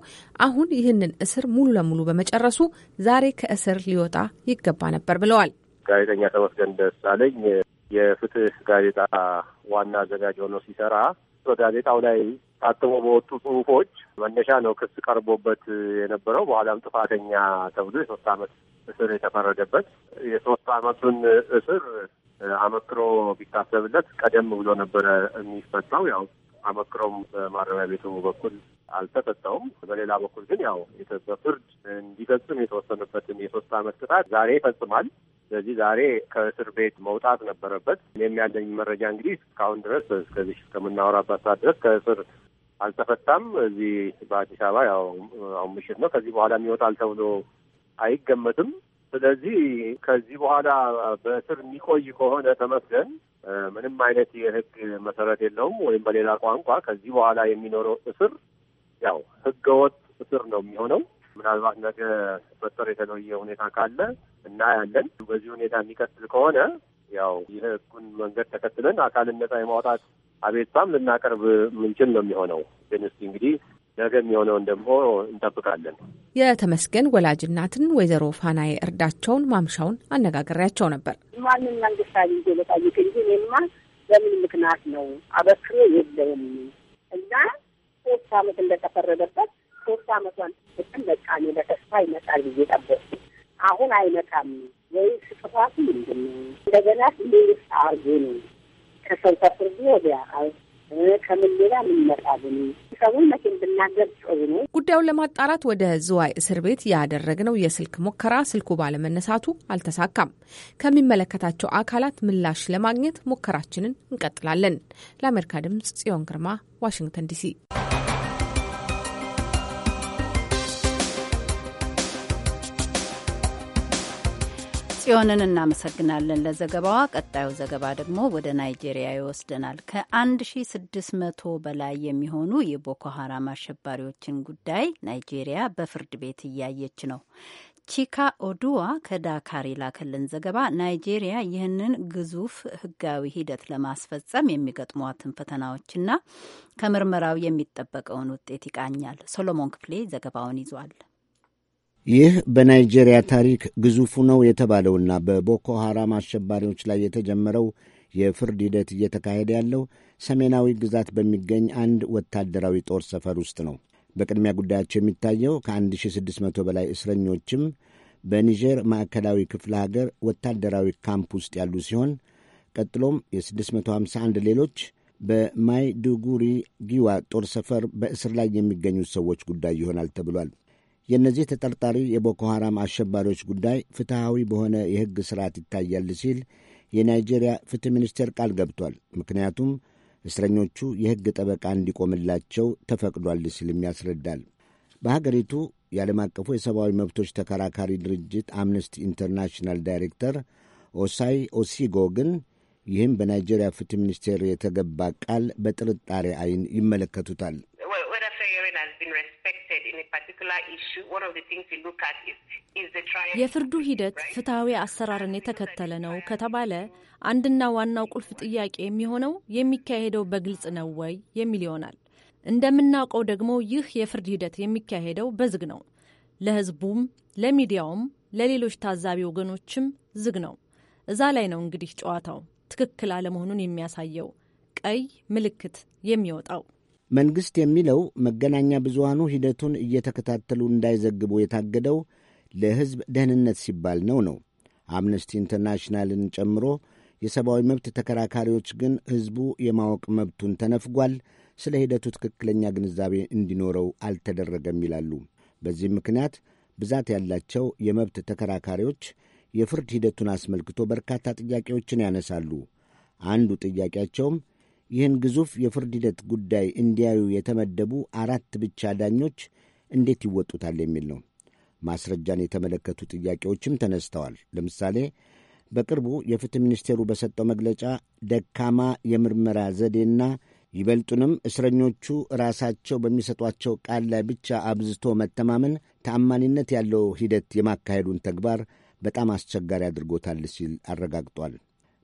አሁን ይህንን እስር ሙሉ ለሙሉ በመጨረሱ ዛሬ ከእስር ሊወጣ ይገባ ነበር ብለዋል። ጋዜጠኛ ተመስገን ደሳለኝ የፍትህ ጋዜጣ ዋና አዘጋጅ ሆኖ ሲሰራ በጋዜጣው ላይ ታትሞ በወጡ ጽሁፎች መነሻ ነው ክስ ቀርቦበት የነበረው። በኋላም ጥፋተኛ ተብሎ የሶስት አመት እስር የተፈረደበት የሶስት አመቱን እስር አመክሮ ቢታሰብለት ቀደም ብሎ ነበረ የሚፈታው። ያው አመክሮም በማረሚያ ቤቱ በኩል አልተሰጠውም። በሌላ በኩል ግን ያው በፍርድ እንዲፈጽም የተወሰነበትን የሶስት አመት ቅጣት ዛሬ ይፈጽማል። ስለዚህ ዛሬ ከእስር ቤት መውጣት ነበረበት። እኔም ያለኝ መረጃ እንግዲህ እስካሁን ድረስ እስከዚህ እስከምናወራባት ሰዓት ድረስ ከእስር አልተፈታም። እዚህ በአዲስ አበባ ያው አሁን ምሽት ነው። ከዚህ በኋላ የሚወጣል ተብሎ አይገመትም። ስለዚህ ከዚህ በኋላ በእስር የሚቆይ ከሆነ ተመስገን ምንም አይነት የህግ መሰረት የለውም። ወይም በሌላ ቋንቋ ከዚህ በኋላ የሚኖረው እስር ያው ህገወጥ እስር ነው የሚሆነው። ምናልባት ነገ ሲፈጠር የተለየ ሁኔታ ካለ እናያለን። በዚህ ሁኔታ የሚቀጥል ከሆነ ያው የህጉን መንገድ ተከትለን አካልን ነጻ የማውጣት አቤቱታም ልናቀርብ ምንችል ነው የሚሆነው። ግን እስቲ እንግዲህ ነገ የሚሆነውን ደግሞ እንጠብቃለን። የተመስገን ወላጅ እናትን ወይዘሮ ፋናዬ እርዳቸውን ማምሻውን አነጋግሬያቸው ነበር። ማንም መንግስት አግኝቶ ለጠይቅ እንጂ እኔማ በምን ምክንያት ነው አበክሬ የለውም እና ሶስት አመት እንደተፈረደበት ሶስት አመቷን ስጥም በቃ እኔ በተስፋ ይመጣል ብዬ ጠበቅኩ። አሁን አይመጣም ወይ ስጥፋቱ ምንድን ነው? እንደገና ሌሎች አርጉ ነው ከሰው ተፍርዱ ወዲያ ከምን ሌላ ምን ይመጣል? ሰሙን መቼም ብናገር ጉዳዩን ለማጣራት ወደ ዝዋይ እስር ቤት ያደረግነው የስልክ ሙከራ ስልኩ ባለመነሳቱ አልተሳካም። ከሚመለከታቸው አካላት ምላሽ ለማግኘት ሙከራችንን እንቀጥላለን። ለአሜሪካ ድምጽ ጽዮን ግርማ፣ ዋሽንግተን ዲሲ ጽዮንን እናመሰግናለን ለዘገባዋ። ቀጣዩ ዘገባ ደግሞ ወደ ናይጄሪያ ይወስደናል። ከ1600 በላይ የሚሆኑ የቦኮ ሀራም አሸባሪዎችን ጉዳይ ናይጄሪያ በፍርድ ቤት እያየች ነው። ቺካ ኦዱዋ ከዳካር የላከልን ዘገባ ናይጄሪያ ይህንን ግዙፍ ሕጋዊ ሂደት ለማስፈጸም የሚገጥሟትን ፈተናዎችና ከምርመራው የሚጠበቀውን ውጤት ይቃኛል። ሶሎሞን ክፍሌ ዘገባውን ይዟል። ይህ በናይጄሪያ ታሪክ ግዙፉ ነው የተባለውና በቦኮ ሐራም አሸባሪዎች ላይ የተጀመረው የፍርድ ሂደት እየተካሄደ ያለው ሰሜናዊ ግዛት በሚገኝ አንድ ወታደራዊ ጦር ሰፈር ውስጥ ነው። በቅድሚያ ጉዳያቸው የሚታየው ከ1600 በላይ እስረኞችም በኒጀር ማዕከላዊ ክፍለ ሀገር ወታደራዊ ካምፕ ውስጥ ያሉ ሲሆን ቀጥሎም የ651 ሌሎች በማይዱጉሪ ጊዋ ጦር ሰፈር በእስር ላይ የሚገኙት ሰዎች ጉዳይ ይሆናል ተብሏል። የእነዚህ ተጠርጣሪ የቦኮ ሐራም አሸባሪዎች ጉዳይ ፍትሐዊ በሆነ የሕግ ሥርዓት ይታያል ሲል የናይጄሪያ ፍትሕ ሚኒስቴር ቃል ገብቷል። ምክንያቱም እስረኞቹ የሕግ ጠበቃ እንዲቆምላቸው ተፈቅዷል ሲልም ያስረዳል። በሀገሪቱ የዓለም አቀፉ የሰብአዊ መብቶች ተከራካሪ ድርጅት አምነስቲ ኢንተርናሽናል ዳይሬክተር ኦሳይ ኦሲጎ ግን ይህም በናይጄሪያ ፍትሕ ሚኒስቴር የተገባ ቃል በጥርጣሬ አይን ይመለከቱታል። የፍርዱ ሂደት ፍትሐዊ አሰራርን የተከተለ ነው ከተባለ አንድና ዋናው ቁልፍ ጥያቄ የሚሆነው የሚካሄደው በግልጽ ነው ወይ የሚል ይሆናል። እንደምናውቀው ደግሞ ይህ የፍርድ ሂደት የሚካሄደው በዝግ ነው። ለሕዝቡም፣ ለሚዲያውም፣ ለሌሎች ታዛቢ ወገኖችም ዝግ ነው። እዛ ላይ ነው እንግዲህ ጨዋታው ትክክል አለመሆኑን የሚያሳየው ቀይ ምልክት የሚወጣው። መንግሥት የሚለው መገናኛ ብዙሃኑ ሂደቱን እየተከታተሉ እንዳይዘግቡ የታገደው ለሕዝብ ደህንነት ሲባል ነው ነው አምነስቲ ኢንተርናሽናልን ጨምሮ የሰብአዊ መብት ተከራካሪዎች ግን ሕዝቡ የማወቅ መብቱን ተነፍጓል፣ ስለ ሂደቱ ትክክለኛ ግንዛቤ እንዲኖረው አልተደረገም ይላሉ። በዚህም ምክንያት ብዛት ያላቸው የመብት ተከራካሪዎች የፍርድ ሂደቱን አስመልክቶ በርካታ ጥያቄዎችን ያነሳሉ። አንዱ ጥያቄያቸውም ይህን ግዙፍ የፍርድ ሂደት ጉዳይ እንዲያዩ የተመደቡ አራት ብቻ ዳኞች እንዴት ይወጡታል የሚል ነው። ማስረጃን የተመለከቱ ጥያቄዎችም ተነስተዋል። ለምሳሌ በቅርቡ የፍትህ ሚኒስቴሩ በሰጠው መግለጫ ደካማ የምርመራ ዘዴና ይበልጡንም እስረኞቹ ራሳቸው በሚሰጧቸው ቃል ላይ ብቻ አብዝቶ መተማመን ተአማኒነት ያለው ሂደት የማካሄዱን ተግባር በጣም አስቸጋሪ አድርጎታል ሲል አረጋግጧል።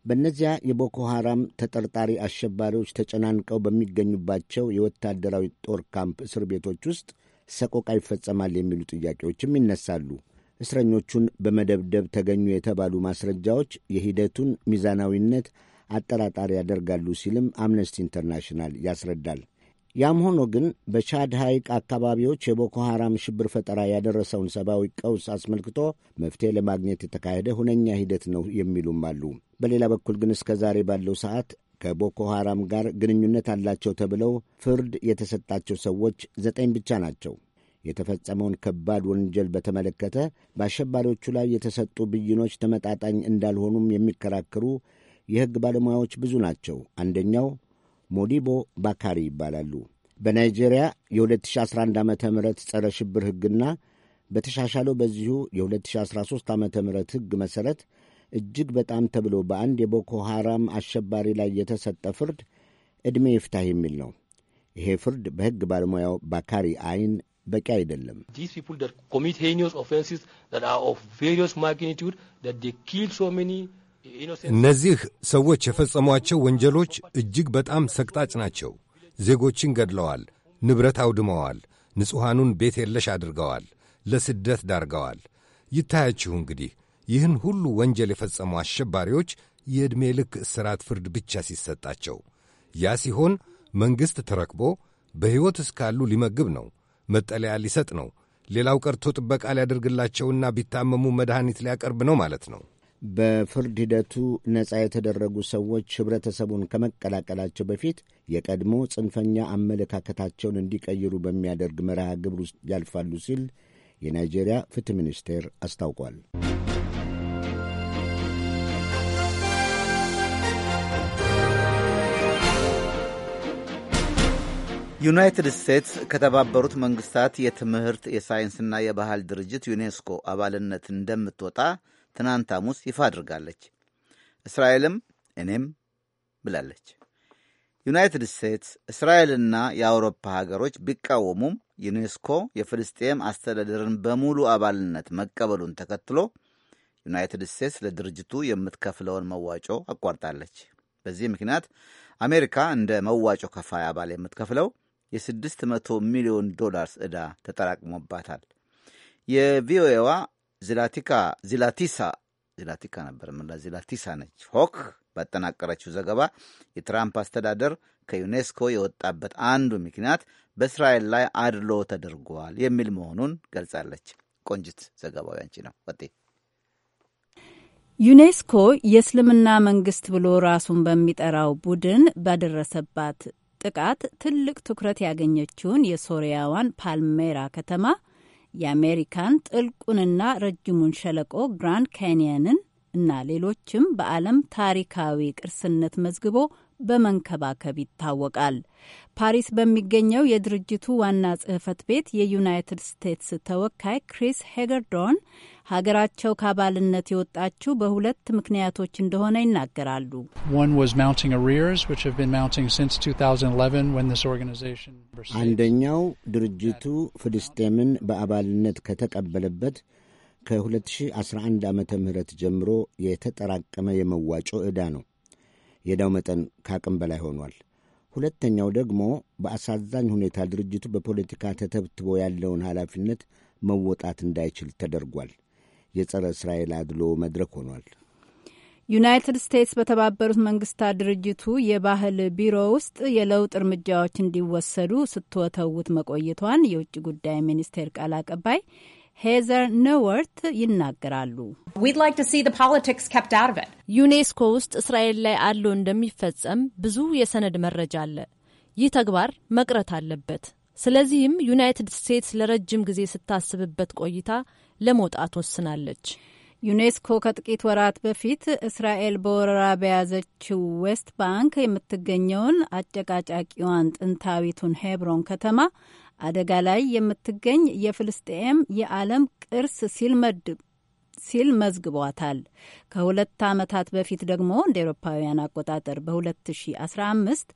በእነዚያ የቦኮ ሐራም ተጠርጣሪ አሸባሪዎች ተጨናንቀው በሚገኙባቸው የወታደራዊ ጦር ካምፕ እስር ቤቶች ውስጥ ሰቆቃ ይፈጸማል የሚሉ ጥያቄዎችም ይነሳሉ። እስረኞቹን በመደብደብ ተገኙ የተባሉ ማስረጃዎች የሂደቱን ሚዛናዊነት አጠራጣሪ ያደርጋሉ ሲልም አምነስቲ ኢንተርናሽናል ያስረዳል። ያም ሆኖ ግን በቻድ ሐይቅ አካባቢዎች የቦኮ ሐራም ሽብር ፈጠራ ያደረሰውን ሰብአዊ ቀውስ አስመልክቶ መፍትሄ ለማግኘት የተካሄደ ሁነኛ ሂደት ነው የሚሉም አሉ። በሌላ በኩል ግን እስከ ዛሬ ባለው ሰዓት ከቦኮ ሐራም ጋር ግንኙነት አላቸው ተብለው ፍርድ የተሰጣቸው ሰዎች ዘጠኝ ብቻ ናቸው። የተፈጸመውን ከባድ ወንጀል በተመለከተ በአሸባሪዎቹ ላይ የተሰጡ ብይኖች ተመጣጣኝ እንዳልሆኑም የሚከራከሩ የሕግ ባለሙያዎች ብዙ ናቸው። አንደኛው ሞዲቦ ባካሪ ይባላሉ። በናይጄሪያ የ2011 ዓ ም ጸረ ሽብር ሕግና በተሻሻለው በዚሁ የ2013 ዓ ም ሕግ መሠረት እጅግ በጣም ተብሎ በአንድ የቦኮ ሐራም አሸባሪ ላይ የተሰጠ ፍርድ ዕድሜ ይፍታህ የሚል ነው። ይሄ ፍርድ በሕግ ባለሙያው ባካሪ አይን በቂ አይደለም። እነዚህ ሰዎች የፈጸሟቸው ወንጀሎች እጅግ በጣም ሰቅጣጭ ናቸው። ዜጎችን ገድለዋል፣ ንብረት አውድመዋል፣ ንጹሐኑን ቤት የለሽ አድርገዋል፣ ለስደት ዳርገዋል። ይታያችሁ እንግዲህ ይህን ሁሉ ወንጀል የፈጸሙ አሸባሪዎች የዕድሜ ልክ እስራት ፍርድ ብቻ ሲሰጣቸው፣ ያ ሲሆን መንግሥት ተረክቦ በሕይወት እስካሉ ሊመግብ ነው፣ መጠለያ ሊሰጥ ነው፣ ሌላው ቀርቶ ጥበቃ ሊያደርግላቸውና ቢታመሙ መድኃኒት ሊያቀርብ ነው ማለት ነው። በፍርድ ሂደቱ ነጻ የተደረጉ ሰዎች ኅብረተሰቡን ከመቀላቀላቸው በፊት የቀድሞ ጽንፈኛ አመለካከታቸውን እንዲቀይሩ በሚያደርግ መርሃ ግብር ውስጥ ያልፋሉ ሲል የናይጄሪያ ፍትሕ ሚኒስቴር አስታውቋል። ዩናይትድ ስቴትስ ከተባበሩት መንግስታት የትምህርት የሳይንስና የባህል ድርጅት ዩኔስኮ አባልነት እንደምትወጣ ትናንት ሐሙስ ይፋ አድርጋለች። እስራኤልም እኔም ብላለች። ዩናይትድ ስቴትስ እስራኤልና የአውሮፓ ሀገሮች ቢቃወሙም ዩኔስኮ የፍልስጤም አስተዳደርን በሙሉ አባልነት መቀበሉን ተከትሎ ዩናይትድ ስቴትስ ለድርጅቱ የምትከፍለውን መዋጮ አቋርጣለች። በዚህ ምክንያት አሜሪካ እንደ መዋጮ ከፋይ አባል የምትከፍለው የ600 ሚሊዮን ዶላርስ ዕዳ ተጠራቅሞባታል። የቪኦኤዋ ዚላቲካ ዚላቲሳ ዚላቲካ ነበር ምላ ዚላቲሳ ነች ሆክ ባጠናቀረችው ዘገባ የትራምፕ አስተዳደር ከዩኔስኮ የወጣበት አንዱ ምክንያት በእስራኤል ላይ አድሎ ተደርጓል የሚል መሆኑን ገልጻለች። ቆንጅት ዘገባው ያንቺ ነው። ወጤ ዩኔስኮ የእስልምና መንግስት ብሎ ራሱን በሚጠራው ቡድን ባደረሰባት ጥቃት ትልቅ ትኩረት ያገኘችውን የሶሪያዋን ፓልሜራ ከተማ የአሜሪካን ጥልቁንና ረጅሙን ሸለቆ ግራንድ ካኒየንን እና ሌሎችም በዓለም ታሪካዊ ቅርስነት መዝግቦ በመንከባከብ ይታወቃል። ፓሪስ በሚገኘው የድርጅቱ ዋና ጽህፈት ቤት የዩናይትድ ስቴትስ ተወካይ ክሪስ ሄገርዶን ሀገራቸው ከአባልነት የወጣችው በሁለት ምክንያቶች እንደሆነ ይናገራሉ። አንደኛው ድርጅቱ ፍልስጤምን በአባልነት ከተቀበለበት ከ2011 ዓ ም ጀምሮ የተጠራቀመ የመዋጮ ዕዳ ነው። የዕዳው መጠን ከአቅም በላይ ሆኗል። ሁለተኛው ደግሞ በአሳዛኝ ሁኔታ ድርጅቱ በፖለቲካ ተተብትቦ ያለውን ኃላፊነት መወጣት እንዳይችል ተደርጓል። የጸረ እስራኤል አድሎ መድረክ ሆኗል። ዩናይትድ ስቴትስ በተባበሩት መንግስታት ድርጅቱ የባህል ቢሮ ውስጥ የለውጥ እርምጃዎች እንዲወሰዱ ስትወተውት መቆየቷን የውጭ ጉዳይ ሚኒስቴር ቃል አቀባይ ሄዘር ነወርት ይናገራሉ። ዩኔስኮ ውስጥ እስራኤል ላይ አድሎ እንደሚፈጸም ብዙ የሰነድ መረጃ አለ። ይህ ተግባር መቅረት አለበት። ስለዚህም ዩናይትድ ስቴትስ ለረጅም ጊዜ ስታስብበት ቆይታ ለመውጣት ወስናለች። ዩኔስኮ ከጥቂት ወራት በፊት እስራኤል በወረራ በያዘችው ዌስት ባንክ የምትገኘውን አጨቃጫቂዋን ጥንታዊቱን ሄብሮን ከተማ አደጋ ላይ የምትገኝ የፍልስጤም የዓለም ቅርስ ሲል መድብ ሲል መዝግቧታል። ከሁለት ዓመታት በፊት ደግሞ እንደ ኤሮፓውያን አቆጣጠር በ2015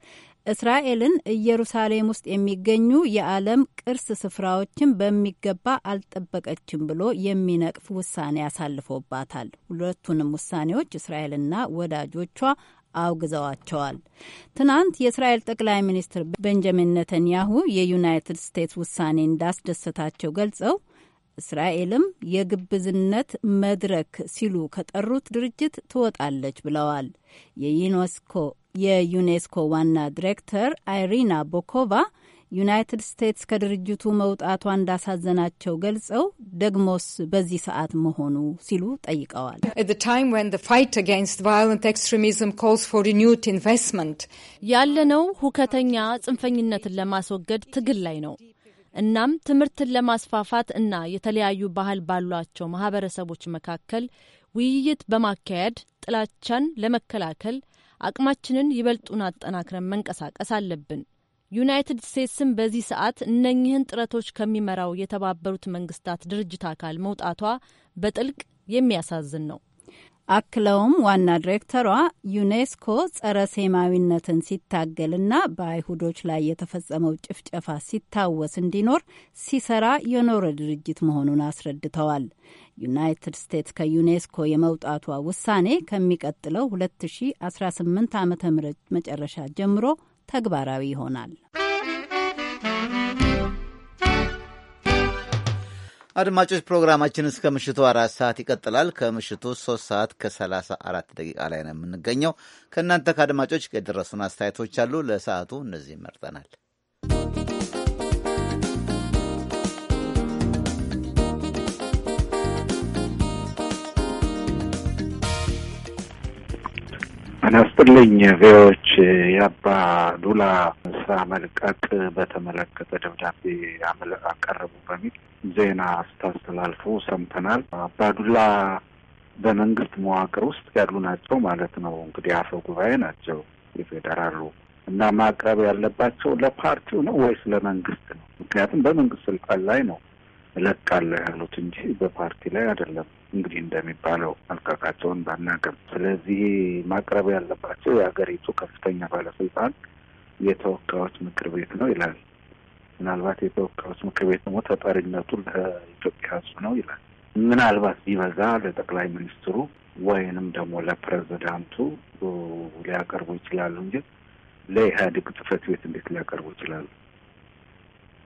እስራኤልን ኢየሩሳሌም ውስጥ የሚገኙ የዓለም ቅርስ ስፍራዎችን በሚገባ አልጠበቀችም ብሎ የሚነቅፍ ውሳኔ አሳልፎባታል። ሁለቱንም ውሳኔዎች እስራኤልና ወዳጆቿ አውግዘዋቸዋል። ትናንት የእስራኤል ጠቅላይ ሚኒስትር ቤንጃሚን ነተንያሁ የዩናይትድ ስቴትስ ውሳኔ እንዳስደሰታቸው ገልጸው እስራኤልም የግብዝነት መድረክ ሲሉ ከጠሩት ድርጅት ትወጣለች ብለዋል። የዩኔስኮ የዩኔስኮ ዋና ዲሬክተር አይሪና ቦኮቫ ዩናይትድ ስቴትስ ከድርጅቱ መውጣቷ እንዳሳዘናቸው ገልጸው ደግሞስ በዚህ ሰዓት መሆኑ ሲሉ ጠይቀዋል። ያለነው ሁከተኛ ጽንፈኝነትን ለማስወገድ ትግል ላይ ነው። እናም ትምህርትን ለማስፋፋት እና የተለያዩ ባህል ባሏቸው ማህበረሰቦች መካከል ውይይት በማካሄድ ጥላቻን ለመከላከል አቅማችንን ይበልጡን አጠናክረን መንቀሳቀስ አለብን። ዩናይትድ ስቴትስም በዚህ ሰዓት እነኝህን ጥረቶች ከሚመራው የተባበሩት መንግስታት ድርጅት አካል መውጣቷ በጥልቅ የሚያሳዝን ነው። አክለውም ዋና ዲሬክተሯ ዩኔስኮ ጸረ ሴማዊነትን ሲታገልና በአይሁዶች ላይ የተፈጸመው ጭፍጨፋ ሲታወስ እንዲኖር ሲሰራ የኖረ ድርጅት መሆኑን አስረድተዋል። ዩናይትድ ስቴትስ ከዩኔስኮ የመውጣቷ ውሳኔ ከሚቀጥለው 2018 ዓ ም መጨረሻ ጀምሮ ተግባራዊ ይሆናል። አድማጮች ፕሮግራማችን እስከ ምሽቱ አራት ሰዓት ይቀጥላል። ከምሽቱ ሶስት ሰዓት ከሰላሳ አራት ደቂቃ ላይ ነው የምንገኘው። ከእናንተ ከአድማጮች የደረሱን አስተያየቶች አሉ። ለሰዓቱ እነዚህ መርጠናል። አናስጥልኝ ቪዎች የአባ ዱላ ስራ መልቀቅ በተመለከተ ደብዳቤ አቀረቡ በሚል ዜና ስታስተላልፉ ሰምተናል። ዱላ በመንግስት መዋቅር ውስጥ ያሉ ናቸው ማለት ነው። እንግዲህ አፈ ጉባኤ ናቸው የፌዴራሉ እና ማቅረብ ያለባቸው ለፓርቲው ነው ወይስ ለመንግስት ነው? ምክንያቱም በመንግስት ስልጣን ላይ ነው እለቃለሁ ያሉት እንጂ በፓርቲ ላይ አይደለም። እንግዲህ እንደሚባለው መልቀቃቸውን ባናቅም፣ ስለዚህ ማቅረብ ያለባቸው የሀገሪቱ ከፍተኛ ባለስልጣን የተወካዮች ምክር ቤት ነው ይላል። ምናልባት የተወካዮች ምክር ቤት ደግሞ ተጠሪነቱ ለኢትዮጵያ ሕዝብ ነው ይላል። ምናልባት ቢበዛ ለጠቅላይ ሚኒስትሩ ወይንም ደግሞ ለፕሬዚዳንቱ ሊያቀርቡ ይችላሉ እንጂ ለኢህአዴግ ጽህፈት ቤት እንዴት ሊያቀርቡ ይችላሉ?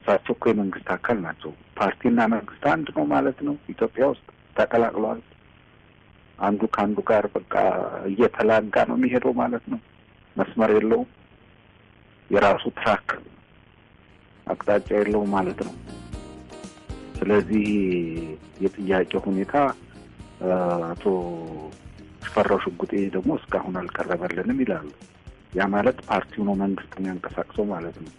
እሳቸው እኮ የመንግስት አካል ናቸው። ፓርቲና መንግስት አንድ ነው ማለት ነው። ኢትዮጵያ ውስጥ ተቀላቅለዋል። አንዱ ከአንዱ ጋር በቃ እየተላጋ ነው የሚሄደው ማለት ነው። መስመር የለውም። የራሱ ትራክ አቅጣጫ የለውም ማለት ነው። ስለዚህ የጥያቄ ሁኔታ አቶ ሽፈራው ሽጉጤ ደግሞ እስካሁን አልቀረበልንም ይላሉ። ያ ማለት ፓርቲው ነው መንግስት የሚያንቀሳቅሰው ማለት ነው።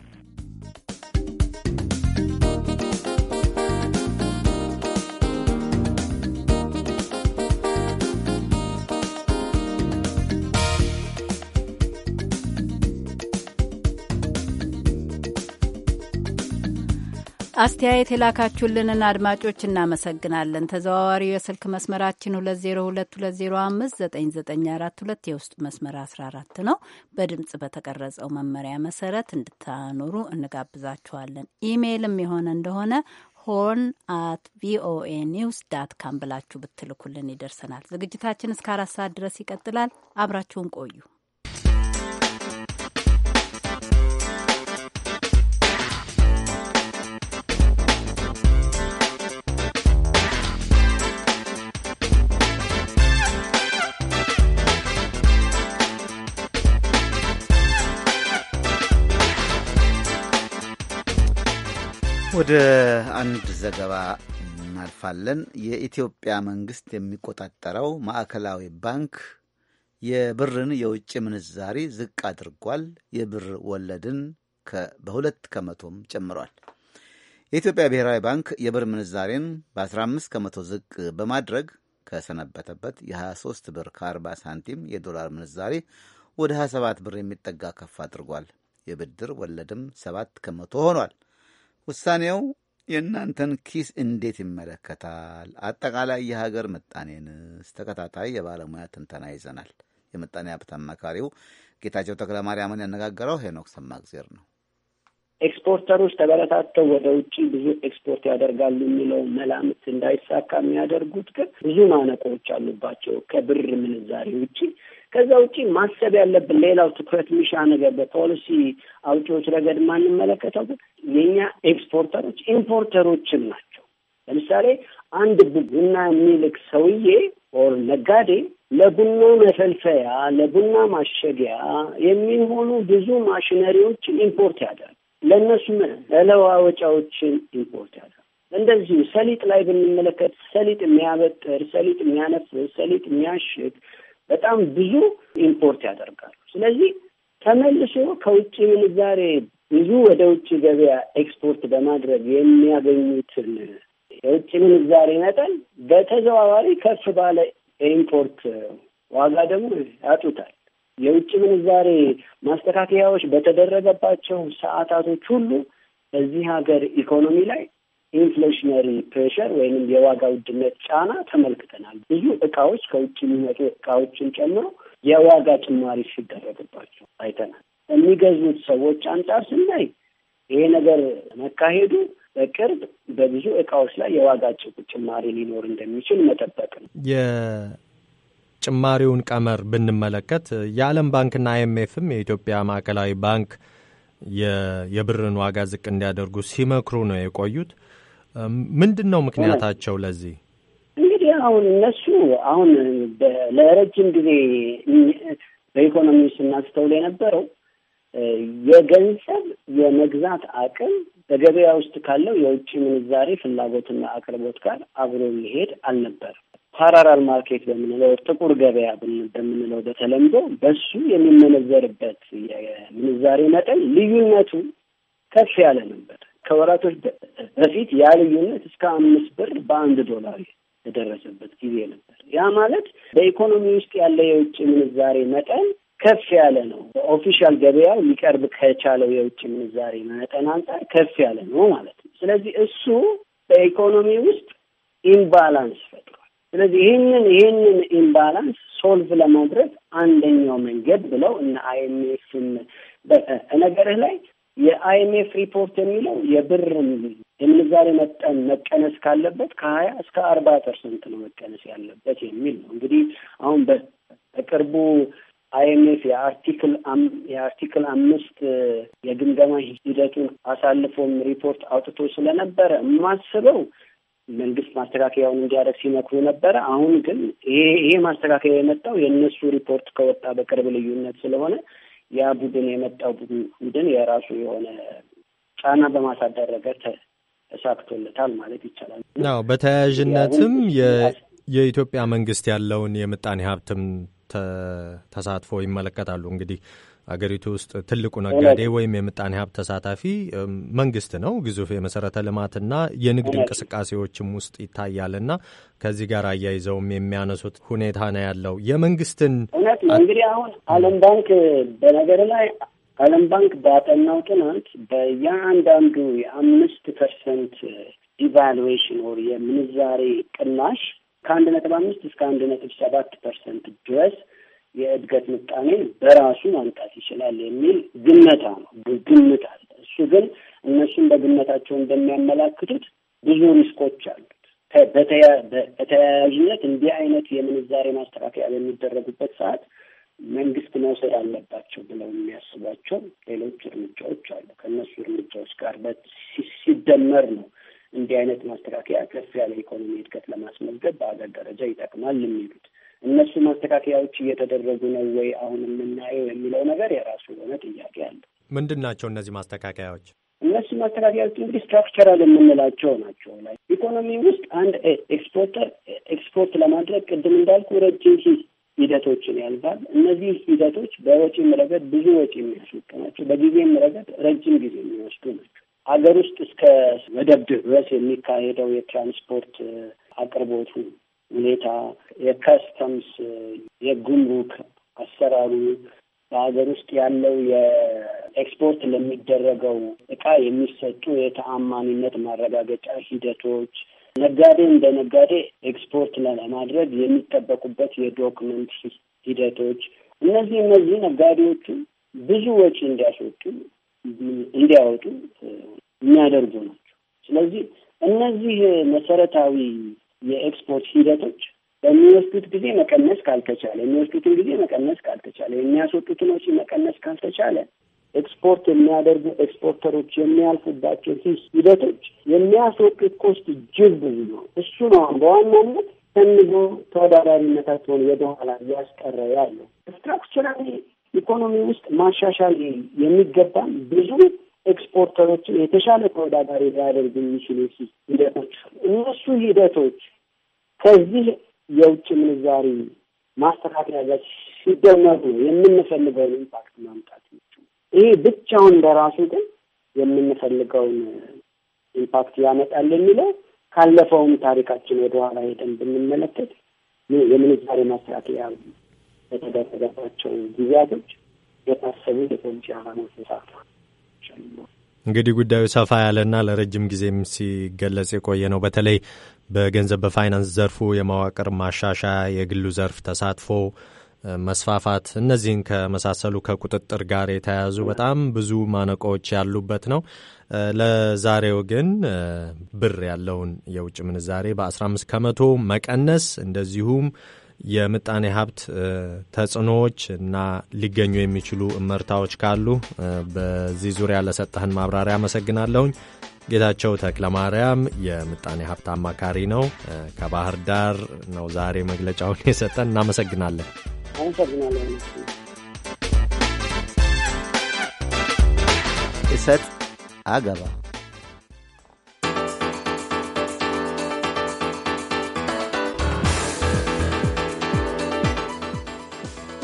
አስተያየት የላካችሁልንን አድማጮች እናመሰግናለን። ተዘዋዋሪው የስልክ መስመራችን 2022059942 የውስጥ መስመር 14 ነው። በድምፅ በተቀረጸው መመሪያ መሰረት እንድታኖሩ እንጋብዛችኋለን። ኢሜይልም የሆነ እንደሆነ ሆርን አት ቪኦኤ ኒውስ ዳት ካም ብላችሁ ብትልኩልን ይደርሰናል። ዝግጅታችን እስከ አራት ሰዓት ድረስ ይቀጥላል። አብራችሁን ቆዩ። ወደ አንድ ዘገባ እናልፋለን። የኢትዮጵያ መንግስት የሚቆጣጠረው ማዕከላዊ ባንክ የብርን የውጭ ምንዛሪ ዝቅ አድርጓል። የብር ወለድን በሁለት ከመቶም ጨምሯል። የኢትዮጵያ ብሔራዊ ባንክ የብር ምንዛሬን በ15 ከመቶ ዝቅ በማድረግ ከሰነበተበት የ23 ብር ከ40 ሳንቲም የዶላር ምንዛሬ ወደ 27 ብር የሚጠጋ ከፍ አድርጓል። የብድር ወለድም 7 ከመቶ ሆኗል። ውሳኔው የእናንተን ኪስ እንዴት ይመለከታል? አጠቃላይ የሀገር ምጣኔንስ? ተከታታይ የባለሙያ ትንተና ይዘናል። የምጣኔ ሀብት አማካሪው ጌታቸው ተክለማርያምን ያነጋገረው ሄኖክ ሰማግዜር ነው። ኤክስፖርተሮች ተበረታተው ወደ ውጭ ብዙ ኤክስፖርት ያደርጋሉ የሚለው መላምት እንዳይሳካ የሚያደርጉት ግን ብዙ ማነቆዎች አሉባቸው። ከብር ምንዛሬ ውጭ ከዛ ውጪ ማሰብ ያለብን ሌላው ትኩረት ሚሻ ነገር በፖሊሲ አውጪዎች ረገድ የማንመለከተው ግን የኛ ኤክስፖርተሮች ኢምፖርተሮችም ናቸው። ለምሳሌ አንድ ቡና የሚልክ ሰውዬ ኦር ነጋዴ ለቡና መፈልፈያ፣ ለቡና ማሸጊያ የሚሆኑ ብዙ ማሽነሪዎችን ኢምፖርት ያደርጋል። ለእነሱ መለዋወጫዎችን ኢምፖርት ያደርጋል። እንደዚሁ ሰሊጥ ላይ ብንመለከት ሰሊጥ የሚያበጥር፣ ሰሊጥ የሚያነፍስ፣ ሰሊጥ የሚያሽግ በጣም ብዙ ኢምፖርት ያደርጋሉ። ስለዚህ ተመልሶ ከውጭ ምንዛሬ ብዙ ወደ ውጭ ገበያ ኤክስፖርት በማድረግ የሚያገኙትን የውጭ ምንዛሬ መጠን በተዘዋዋሪ ከፍ ባለ የኢምፖርት ዋጋ ደግሞ ያጡታል። የውጭ ምንዛሬ ማስተካከያዎች በተደረገባቸው ሰዓታቶች ሁሉ በዚህ ሀገር ኢኮኖሚ ላይ ኢንፍሌሽነሪ ፕሬሽር ወይንም የዋጋ ውድነት ጫና ተመልክተናል። ብዙ እቃዎች ከውጭ የሚመጡ እቃዎችን ጨምሮ የዋጋ ጭማሪ ሲደረግባቸው አይተናል። የሚገዙት ሰዎች አንጻር ስናይ ይሄ ነገር መካሄዱ በቅርብ በብዙ እቃዎች ላይ የዋጋ ጭማሪ ሊኖር እንደሚችል መጠበቅ ነው። የጭማሪውን ቀመር ብንመለከት የዓለም ባንክና አይኤምኤፍም የኢትዮጵያ ማዕከላዊ ባንክ የብርን ዋጋ ዝቅ እንዲያደርጉ ሲመክሩ ነው የቆዩት። ምንድን ነው ምክንያታቸው ለዚህ? እንግዲህ አሁን እነሱ አሁን ለረጅም ጊዜ በኢኮኖሚ ስናስተውል የነበረው የገንዘብ የመግዛት አቅም በገበያ ውስጥ ካለው የውጭ ምንዛሬ ፍላጎትና አቅርቦት ጋር አብሮ ይሄድ አልነበረም። ፓራራል ማርኬት በምንለው ጥቁር ገበያ በምንለው በተለምዶ በሱ የሚመነዘርበት የምንዛሬ መጠን ልዩነቱ ከፍ ያለ ነበር። ከወራቶች በፊት ያ ልዩነት እስከ አምስት ብር በአንድ ዶላር የደረሰበት ጊዜ ነበር። ያ ማለት በኢኮኖሚ ውስጥ ያለ የውጭ ምንዛሬ መጠን ከፍ ያለ ነው። በኦፊሻል ገበያው ሊቀርብ ከቻለው የውጭ ምንዛሬ መጠን አንጻር ከፍ ያለ ነው ማለት ነው። ስለዚህ እሱ በኢኮኖሚ ውስጥ ኢምባላንስ ፈጥሯል። ስለዚህ ይህንን ይህንን ኢምባላንስ ሶልቭ ለማድረግ አንደኛው መንገድ ብለው እነ አይኤምኤፍን በነገርህ ላይ የአይኤምኤፍ ሪፖርት የሚለው የብር የምንዛሬ መጠን መቀነስ ካለበት ከሀያ እስከ አርባ ፐርሰንት ነው መቀነስ ያለበት የሚል ነው። እንግዲህ አሁን በቅርቡ አይኤምኤፍ የአርቲክል የአርቲክል አምስት የግምገማ ሂደቱን አሳልፎም ሪፖርት አውጥቶ ስለነበረ የማስበው መንግስት ማስተካከያውን እንዲያደርግ ሲመክሩ ነበረ። አሁን ግን ይሄ ይሄ ማስተካከያ የመጣው የእነሱ ሪፖርት ከወጣ በቅርብ ልዩነት ስለሆነ ያ ቡድን የመጣው ቡድን የራሱ የሆነ ጫና በማሳደር ረገድ ተሳክቶለታል ማለት ይቻላል። ው በተያያዥነትም የኢትዮጵያ መንግስት ያለውን የምጣኔ ሀብትም ተሳትፎ ይመለከታሉ። እንግዲህ አገሪቱ ውስጥ ትልቁ ነጋዴ ወይም የምጣኔ ሀብት ተሳታፊ መንግስት ነው። ግዙፍ የመሰረተ ልማትና የንግድ እንቅስቃሴዎችም ውስጥ ይታያልና ከዚህ ጋር አያይዘውም የሚያነሱት ሁኔታ ነው ያለው የመንግስትን እውነት ነው። እንግዲህ አሁን ዓለም ባንክ በነገር ላይ ዓለም ባንክ ባጠናው ጥናት በየአንዳንዱ የአምስት ፐርሰንት ዲቫሉዌሽን ወር የምንዛሬ ቅናሽ ከአንድ ነጥብ አምስት እስከ አንድ ነጥብ ሰባት ፐርሰንት ድረስ የእድገት ምጣኔን በራሱ ማምጣት ይችላል የሚል ግመታ ነው ግምት አለ። እሱ ግን እነሱን በግመታቸው እንደሚያመላክቱት ብዙ ሪስኮች አሉት። በተያያዥነት እንዲህ አይነት የምንዛሬ ማስተካከያ በሚደረጉበት ሰዓት መንግስት መውሰድ አለባቸው ብለው የሚያስቧቸው ሌሎች እርምጃዎች አሉ። ከእነሱ እርምጃዎች ጋር ሲደመር ነው እንዲህ አይነት ማስተካከያ ከፍ ያለ ኢኮኖሚ እድገት ለማስመዝገብ በሀገር ደረጃ ይጠቅማል የሚሉት እነሱ ማስተካከያዎች እየተደረጉ ነው ወይ አሁን የምናየው የሚለው ነገር የራሱ የሆነ ጥያቄ አለ። ምንድን ናቸው እነዚህ ማስተካከያዎች? እነሱ ማስተካከያዎች እንግዲህ ስትራክቸራል የምንላቸው ናቸው። ላይ ኢኮኖሚ ውስጥ አንድ ኤክስፖርተር ኤክስፖርት ለማድረግ ቅድም እንዳልኩ ረጅም ሂደቶችን ያልፋል። እነዚህ ሂደቶች በወጪም ረገድ ብዙ ወጪ የሚያስወጡ ናቸው። በጊዜም ረገድ ረጅም ጊዜ የሚወስዱ ናቸው። ሀገር ውስጥ እስከ መደብ ድረስ የሚካሄደው የትራንስፖርት አቅርቦቱ ሁኔታ፣ የከስተምስ የጉምሩክ አሰራሩ በሀገር ውስጥ ያለው የኤክስፖርት ለሚደረገው እቃ የሚሰጡ የተአማኒነት ማረጋገጫ ሂደቶች፣ ነጋዴ እንደ ነጋዴ ኤክስፖርት ለማድረግ የሚጠበቁበት የዶክመንት ሂደቶች እነዚህ እነዚህ ነጋዴዎቹ ብዙ ወጪ እንዲያስወጡ እንዲያወጡ የሚያደርጉ ናቸው። ስለዚህ እነዚህ መሰረታዊ የኤክስፖርት ሂደቶች በሚወስዱት ጊዜ መቀነስ ካልተቻለ የሚወስዱትን ጊዜ መቀነስ ካልተቻለ የሚያስወጡትን ወጪ መቀነስ ካልተቻለ ኤክስፖርት የሚያደርጉ ኤክስፖርተሮች የሚያልፉባቸው ሂደቶች የሚያስወጡት ኮስት እጅግ ብዙ ነው። እሱ ነው በዋናነት ሰንጎ ተወዳዳሪነታቸውን ወደኋላ እያስቀረ ያለው። ስትራክቸራል ኢኮኖሚ ውስጥ ማሻሻል የሚገባም ብዙ ኤክስፖርተሮችን የተሻለ ተወዳዳሪ ሊያደርጉ የሚችሉ ሂደቶች እነሱ ሂደቶች ከዚህ የውጭ ምንዛሪ ማስተካከያ ጋር ሲደመሩ ነው የምንፈልገውን ኢምፓክት ማምጣት ይሄ ብቻውን በራሱ ግን የምንፈልገውን ኢምፓክት ያመጣል የሚለው ካለፈውም ታሪካችን ወደኋላ ሄደን ብንመለከት የምንዛሬ ማስተካከያ በተደረገባቸው ጊዜያቶች የታሰቡ የፖሊሲ ዓላማዎች ተሳክተዋል። እንግዲህ ጉዳዩ ሰፋ ያለና ለረጅም ጊዜም ሲገለጽ የቆየ ነው። በተለይ በገንዘብ በፋይናንስ ዘርፉ የመዋቅር ማሻሻያ፣ የግሉ ዘርፍ ተሳትፎ መስፋፋት፣ እነዚህን ከመሳሰሉ ከቁጥጥር ጋር የተያያዙ በጣም ብዙ ማነቆዎች ያሉበት ነው። ለዛሬው ግን ብር ያለውን የውጭ ምንዛሬ በ15 ከመቶ መቀነስ እንደዚሁም የምጣኔ ሀብት ተጽዕኖዎች እና ሊገኙ የሚችሉ እመርታዎች ካሉ በዚህ ዙሪያ ለሰጠህን ማብራሪያ አመሰግናለሁኝ። ጌታቸው ተክለማርያም የምጣኔ ሀብት አማካሪ ነው። ከባህር ዳር ነው ዛሬ መግለጫውን የሰጠን። እናመሰግናለን። አመሰግናለን። እሰጥ አገባ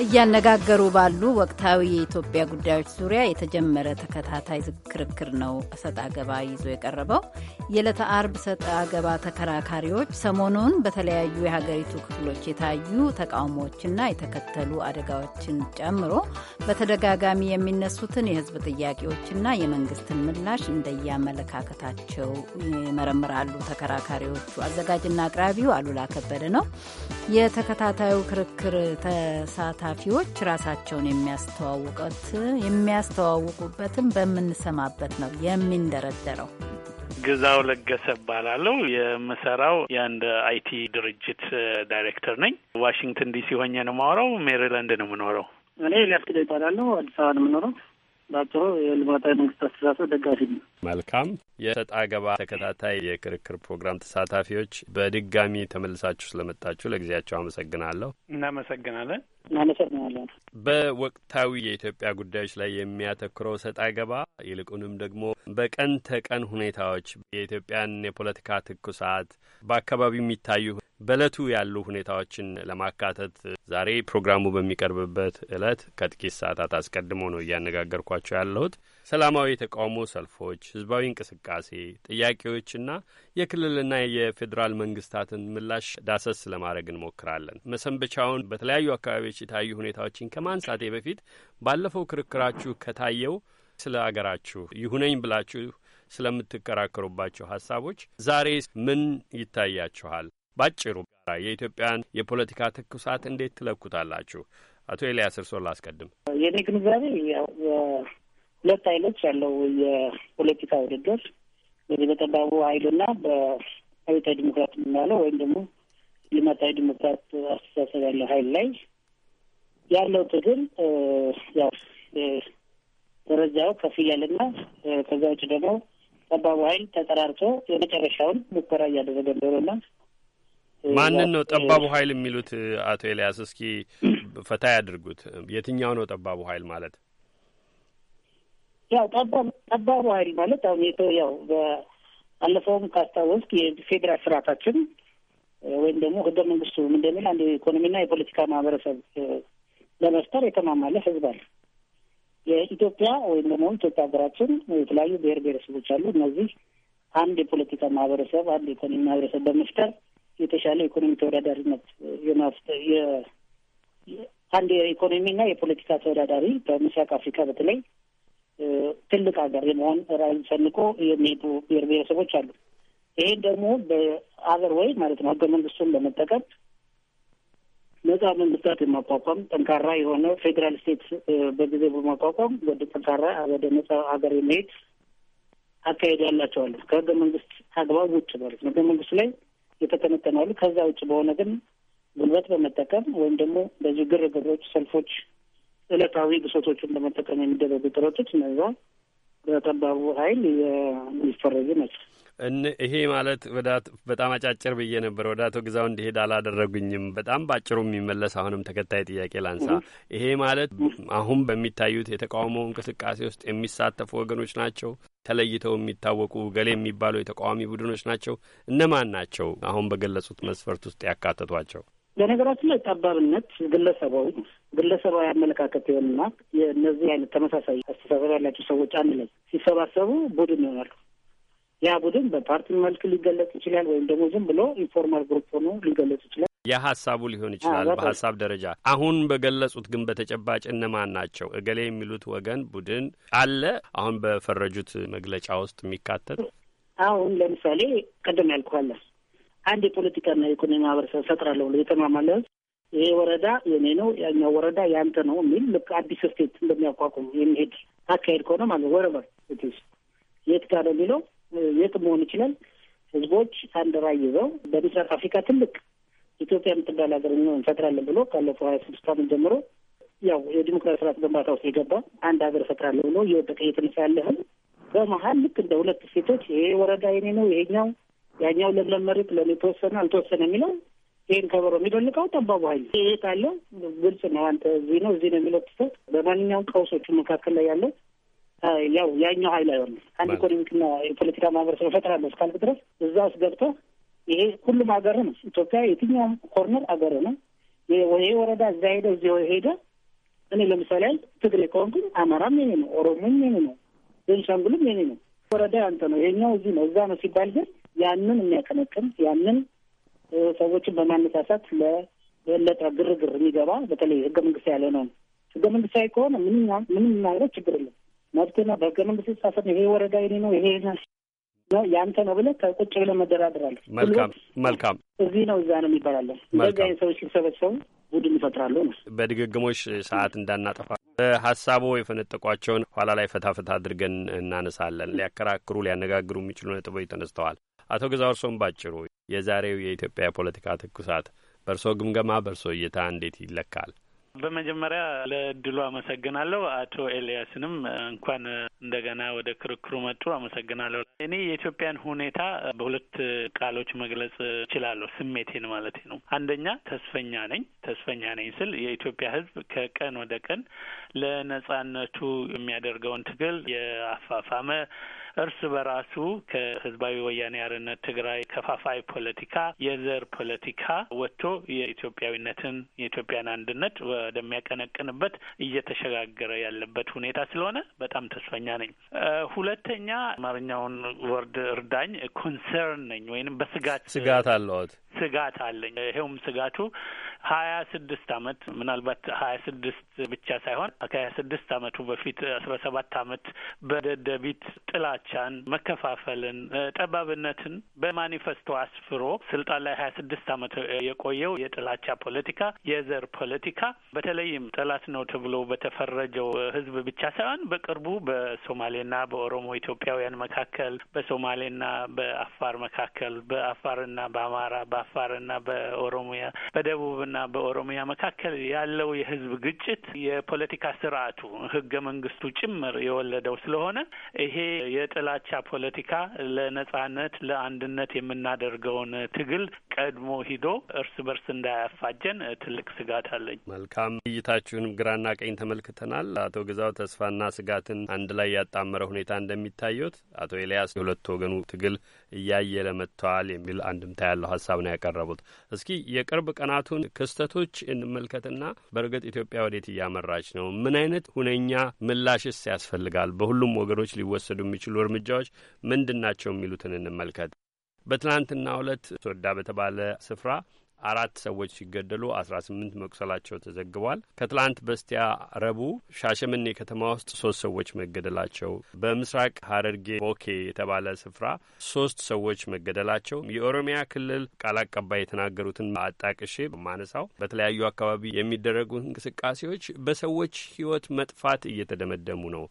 እያነጋገሩ ባሉ ወቅታዊ የኢትዮጵያ ጉዳዮች ዙሪያ የተጀመረ ተከታታይ ክርክር ነው። እሰጥ አገባ ይዞ የቀረበው የዕለተ አርብ እሰጥ አገባ ተከራካሪዎች ሰሞኑን በተለያዩ የሀገሪቱ ክፍሎች የታዩ ተቃውሞዎችና የተከተሉ አደጋዎችን ጨምሮ በተደጋጋሚ የሚነሱትን የሕዝብ ጥያቄዎችና የመንግስትን ምላሽ እንደየአመለካከታቸው ይመረምራሉ። ተከራካሪዎቹ አዘጋጅና አቅራቢው አሉላ ከበደ ነው። የተከታታዩ ክርክር ተሳታ ጸሐፊዎች ራሳቸውን የሚያስተዋውቁበትን በምንሰማበት ነው የሚንደረደረው። ግዛው ለገሰ እባላለሁ። የምሰራው የአንድ አይቲ ድርጅት ዳይሬክተር ነኝ። ዋሽንግተን ዲሲ ሆኜ ነው የማወራው። ሜሪላንድ ነው የምኖረው። እኔ ሊያስክደ ይባላለሁ። አዲስ አበባ ነው የምኖረው። በአጭሩ የልማታዊ መንግስት አስተሳሰብ ደጋፊ ነው። መልካም የሰጣ ገባ ተከታታይ የክርክር ፕሮግራም ተሳታፊዎች በድጋሚ ተመልሳችሁ ስለመጣችሁ ለጊዜያቸው አመሰግናለሁ። እናመሰግናለን። ማለሰር ነው ያለ በወቅታዊ የኢትዮጵያ ጉዳዮች ላይ የሚያተኩረው ሰጥ አገባ ይልቁንም ደግሞ በቀን ተቀን ሁኔታዎች የኢትዮጵያን የፖለቲካ ትኩሳት በአካባቢው የሚታዩ በእለቱ ያሉ ሁኔታዎችን ለማካተት ዛሬ ፕሮግራሙ በሚቀርብበት እለት ከጥቂት ሰዓታት አስቀድሞ ነው እያነጋገርኳቸው ያለሁት። ሰላማዊ የተቃውሞ ሰልፎች፣ ህዝባዊ እንቅስቃሴ ጥያቄዎችና የክልልና የፌዴራል መንግስታትን ምላሽ ዳሰስ ለማድረግ እንሞክራለን። መሰንበቻውን በተለያዩ አካባቢዎች የታዩ ሁኔታዎችን ከማንሳቴ በፊት ባለፈው ክርክራችሁ ከታየው ስለ አገራችሁ ይሁነኝ ብላችሁ ስለምትከራከሩባቸው ሀሳቦች ዛሬ ምን ይታያችኋል? ባጭሩ የኢትዮጵያን የፖለቲካ ትኩሳት እንዴት ትለኩታላችሁ? አቶ ኤልያስ እርስዎን ላስቀድም። የኔ ግንዛቤ ያው ሁለት ኃይሎች ያለው የፖለቲካ ውድድር በዚህ በጠባቡ ኃይልና በአብዮታዊ ዲሞክራት የምናለው ወይም ደግሞ ልማታዊ ዲሞክራት አስተሳሰብ ያለው ኃይል ላይ ያለው ትግል ያው ደረጃው ከፍ እያለና ከዛ ውጭ ደግሞ ጠባቡ ኃይል ተጠራርቶ የመጨረሻውን ሙከራ እያደረገ እንደሆነና ማንን ነው ጠባቡ ኃይል የሚሉት? አቶ ኤልያስ እስኪ ፈታ ያድርጉት። የትኛው ነው ጠባቡ ኃይል ማለት? ያው ጠባቡ ኃይል ማለት አሁን የተ ያው በአለፈውም ካስታወስክ የፌዴራል ስርዓታችን ወይም ደግሞ ህገ መንግስቱ እንደሚል አንድ የኢኮኖሚና የፖለቲካ ማህበረሰብ ለመፍጠር የተማማለ ህዝብ አለ። የኢትዮጵያ ወይም ደግሞ ኢትዮጵያ ሀገራችን የተለያዩ ብሔር ብሔረሰቦች አሉ። እነዚህ አንድ የፖለቲካ ማህበረሰብ አንድ የኢኮኖሚ ማህበረሰብ በመፍጠር የተሻለ ኢኮኖሚ ተወዳዳሪነት አንድ የኢኮኖሚና የፖለቲካ ተወዳዳሪ በምስራቅ አፍሪካ በተለይ ትልቅ ሀገር የመሆን ራዕይ ሰንቆ የሚሄዱ ብሔር ብሔረሰቦች አሉ። ይሄን ደግሞ በአገር ወይ ማለት ነው ህገ መንግስቱን ለመጠቀም ነጻ መንግስታት የማቋቋም ጠንካራ የሆነ ፌዴራል ስቴት በጊዜ በማቋቋም ወደ ጠንካራ ወደ ነጻ ሀገር የመሄድ አካሄድ ያላቸዋሉ። ከህገ መንግስት አግባብ ውጭ ማለት ነው። ህገ መንግስቱ ላይ የተተነተናሉ። ከዛ ውጭ በሆነ ግን ጉልበት በመጠቀም ወይም ደግሞ በዚህ ግርግሮች፣ ሰልፎች ዕለታዊ ብሶቶችን ለመጠቀም የሚደረጉ ጥረቶች እነዛ በጠባቡ ኃይል የሚፈረጁ ናቸው። ይሄ ማለት በጣም አጫጭር ብዬ ነበር፣ ወደ አቶ ግዛው እንዲሄድ አላደረጉኝም። በጣም በአጭሩ የሚመለስ አሁንም ተከታይ ጥያቄ ላንሳ። ይሄ ማለት አሁን በሚታዩት የተቃውሞ እንቅስቃሴ ውስጥ የሚሳተፉ ወገኖች ናቸው ተለይተው የሚታወቁ ገሌ የሚባሉ የተቃዋሚ ቡድኖች ናቸው። እነማን ናቸው? አሁን በገለጹት መስፈርት ውስጥ ያካተቷቸው? በነገራችን ላይ ጠባብነት ግለሰባዊ ግለሰባዊ አመለካከት ይሆንና የእነዚህ አይነት ተመሳሳይ አስተሳሰብ ያላቸው ሰዎች አንድ ላይ ሲሰባሰቡ ቡድን ይሆናሉ። ያ ቡድን በፓርቲ መልክ ሊገለጽ ይችላል፣ ወይም ደግሞ ዝም ብሎ ኢንፎርማል ግሩፕ ሆኖ ሊገለጽ ይችላል። የሀሳቡ ሊሆን ይችላል። በሀሳብ ደረጃ አሁን በገለጹት ግን በተጨባጭ እነማን ናቸው? እገሌ የሚሉት ወገን ቡድን አለ አሁን በፈረጁት መግለጫ ውስጥ የሚካተት አሁን ለምሳሌ ቅድም ያልኩህ አለ አንድ የፖለቲካና የኢኮኖሚ ማህበረሰብ ፈጥራለሁ ብሎ የተማማለ ህዝብ ይሄ ወረዳ የኔ ነው፣ ያኛው ወረዳ ያንተ ነው የሚል ልክ አዲስ ስቴት እንደሚያቋቁም የሚሄድ አካሄድ ከሆነ ማለት ወረበር የት ጋር ነው የሚለው የት መሆን ይችላል። ህዝቦች አንድ ራዕይ ይዘው በምስራቅ አፍሪካ ትልቅ ኢትዮጵያ የምትባል ሀገር እንፈጥራለን ብሎ ካለፈው ሀያ ስድስት ዓመት ጀምሮ ያው የዲሞክራሲ ስርዓት ግንባታ ውስጥ የገባ አንድ ሀገር እፈጥራለሁ ብሎ እየወደቀ እየተነሳ ያለ በመሀል ልክ እንደ ሁለት ሴቶች ይሄ ወረዳ የኔ ነው፣ ይሄኛው ያኛው ለምለም መሬት ለእኔ ተወሰነ አልተወሰነ የሚለው ይህን ከበሮ የሚደንቀው ጠባቡ ኃይል ይሄ ካለ ግልጽ ነው። አንተ እዚህ ነው እዚህ ነው የሚለው በማንኛውም ቀውሶቹ መካከል ላይ ያለው ያው ያኛው ኃይል አይሆንም። አንድ ኢኮኖሚክና የፖለቲካ ማህበረሰብ እፈጥራለሁ እስካልክ ድረስ እዛ ውስጥ ገብተህ ይሄ ሁሉም ሀገር ነው። ኢትዮጵያ የትኛውም ኮርነር ሀገር ነው። ይሄ ወረዳ እዛ ሄደ እዚ ሄደ። እኔ ለምሳሌ ያል ትግሬ ከሆንኩኝ አማራም የኔ ነው፣ ኦሮሞም የኔ ነው፣ ቤንሻንጉልም የኔ ነው። ወረዳ ያንተ ነው፣ ይሄኛው እዚህ ነው እዛ ነው ሲባል ግን ያንን የሚያቀነቅን ያንን ሰዎችን በማነሳሳት ለበለጠ ግርግር የሚገባ በተለይ ህገ መንግስት ያለ ነው። ህገ መንግስታዊ ከሆነ ምንም ምንም ማለት ችግር የለም መብትና በህገ መንግስት ሳሰት ይሄ ወረዳ የእኔ ነው ይሄ ነው ያንተ ነው ብለህ ከቁጭ ብለህ መደራደር አለ። መልካም መልካም። እዚህ ነው እዛ ነው የሚባላለን። እንደዚህ አይነት ሰዎች ሲሰበሰቡ ቡድን ይፈጥራሉ ነው። በድግግሞሽ ሰዓት እንዳናጠፋ በሀሳቡ የፈነጠቋቸውን ኋላ ላይ ፈታፈታ አድርገን እናነሳለን። ሊያከራክሩ ሊያነጋግሩ የሚችሉ ነጥቦች ተነስተዋል። አቶ እርሶን ባጭሩ የዛሬው የኢትዮጵያ የፖለቲካ ትኩሳት በእርሶ ግምገማ በእርሶ እይታ እንዴት ይለካል? በመጀመሪያ ለእድሉ አመሰግናለሁ። አቶ ኤልያስንም እንኳን እንደገና ወደ ክርክሩ መጡ። አመሰግናለሁ። እኔ የኢትዮጵያን ሁኔታ በሁለት ቃሎች መግለጽ እችላለሁ፣ ስሜቴን ማለት ነው። አንደኛ ተስፈኛ ነኝ። ተስፈኛ ነኝ ስል የኢትዮጵያ ሕዝብ ከቀን ወደ ቀን ለነጻነቱ የሚያደርገውን ትግል የአፋፋመ እርስ በራሱ ከህዝባዊ ወያኔ አርነት ትግራይ ከፋፋይ ፖለቲካ፣ የዘር ፖለቲካ ወጥቶ የኢትዮጵያዊነትን የኢትዮጵያን አንድነት ወደሚያቀነቅንበት እየተሸጋገረ ያለበት ሁኔታ ስለሆነ በጣም ተስፈኛ ነኝ። ሁለተኛ አማርኛውን ወርድ እርዳኝ፣ ኮንሰርን ነኝ ወይም በስጋት ስጋት አለዎት ስጋት አለኝ። ይኸውም ስጋቱ ሀያ ስድስት አመት ምናልባት ሀያ ስድስት ብቻ ሳይሆን ከሀያ ስድስት አመቱ በፊት አስራ ሰባት አመት በደደቢት ጥላቻን፣ መከፋፈልን፣ ጠባብነትን በማኒፌስቶ አስፍሮ ስልጣን ላይ ሀያ ስድስት አመት የቆየው የጥላቻ ፖለቲካ፣ የዘር ፖለቲካ በተለይም ጠላት ነው ተብሎ በተፈረጀው ህዝብ ብቻ ሳይሆን በቅርቡ በሶማሌና በኦሮሞ ኢትዮጵያውያን መካከል፣ በሶማሌና በአፋር መካከል፣ በአፋርና በአማራ በአፋርና በኦሮሚያ በደቡብና በኦሮሚያ መካከል ያለው የህዝብ ግጭት የፖለቲካ ስርዓቱ ህገ መንግስቱ ጭምር የወለደው ስለሆነ ይሄ የጥላቻ ፖለቲካ ለነጻነት ለአንድነት የምናደርገውን ትግል ቀድሞ ሂዶ እርስ በርስ እንዳያፋጀን ትልቅ ስጋት አለኝ። መልካም እይታችሁንም ግራና ቀኝ ተመልክተናል። አቶ ግዛው ተስፋና ስጋትን አንድ ላይ ያጣመረ ሁኔታ እንደሚታየት አቶ ኤልያስ የሁለት ወገኑ ትግል እያየለ መጥተዋል የሚል አንድምታ ያለው ሀሳብ ነው ያቀረቡት። እስኪ የቅርብ ቀናቱን ክስተቶች እንመልከትና በእርግጥ ኢትዮጵያ ወዴት እያመራች ነው? ምን አይነት ሁነኛ ምላሽስ ያስፈልጋል? በሁሉም ወገኖች ሊወሰዱ የሚችሉ እርምጃዎች ምንድን ናቸው? የሚሉትን እንመልከት። በትናንትና ሁለት ሶዳ በተባለ ስፍራ አራት ሰዎች ሲገደሉ አስራ ስምንት መቁሰላቸው ተዘግቧል። ከትላንት በስቲያ ረቡዕ ሻሸመኔ ከተማ ውስጥ ሶስት ሰዎች መገደላቸው፣ በምስራቅ ሀረርጌ ቦኬ የተባለ ስፍራ ሶስት ሰዎች መገደላቸው የኦሮሚያ ክልል ቃል አቀባይ የተናገሩትን አጣቅሼ በማነሳው በተለያዩ አካባቢ የሚደረጉ እንቅስቃሴዎች በሰዎች ህይወት መጥፋት እየተደመደሙ ነው።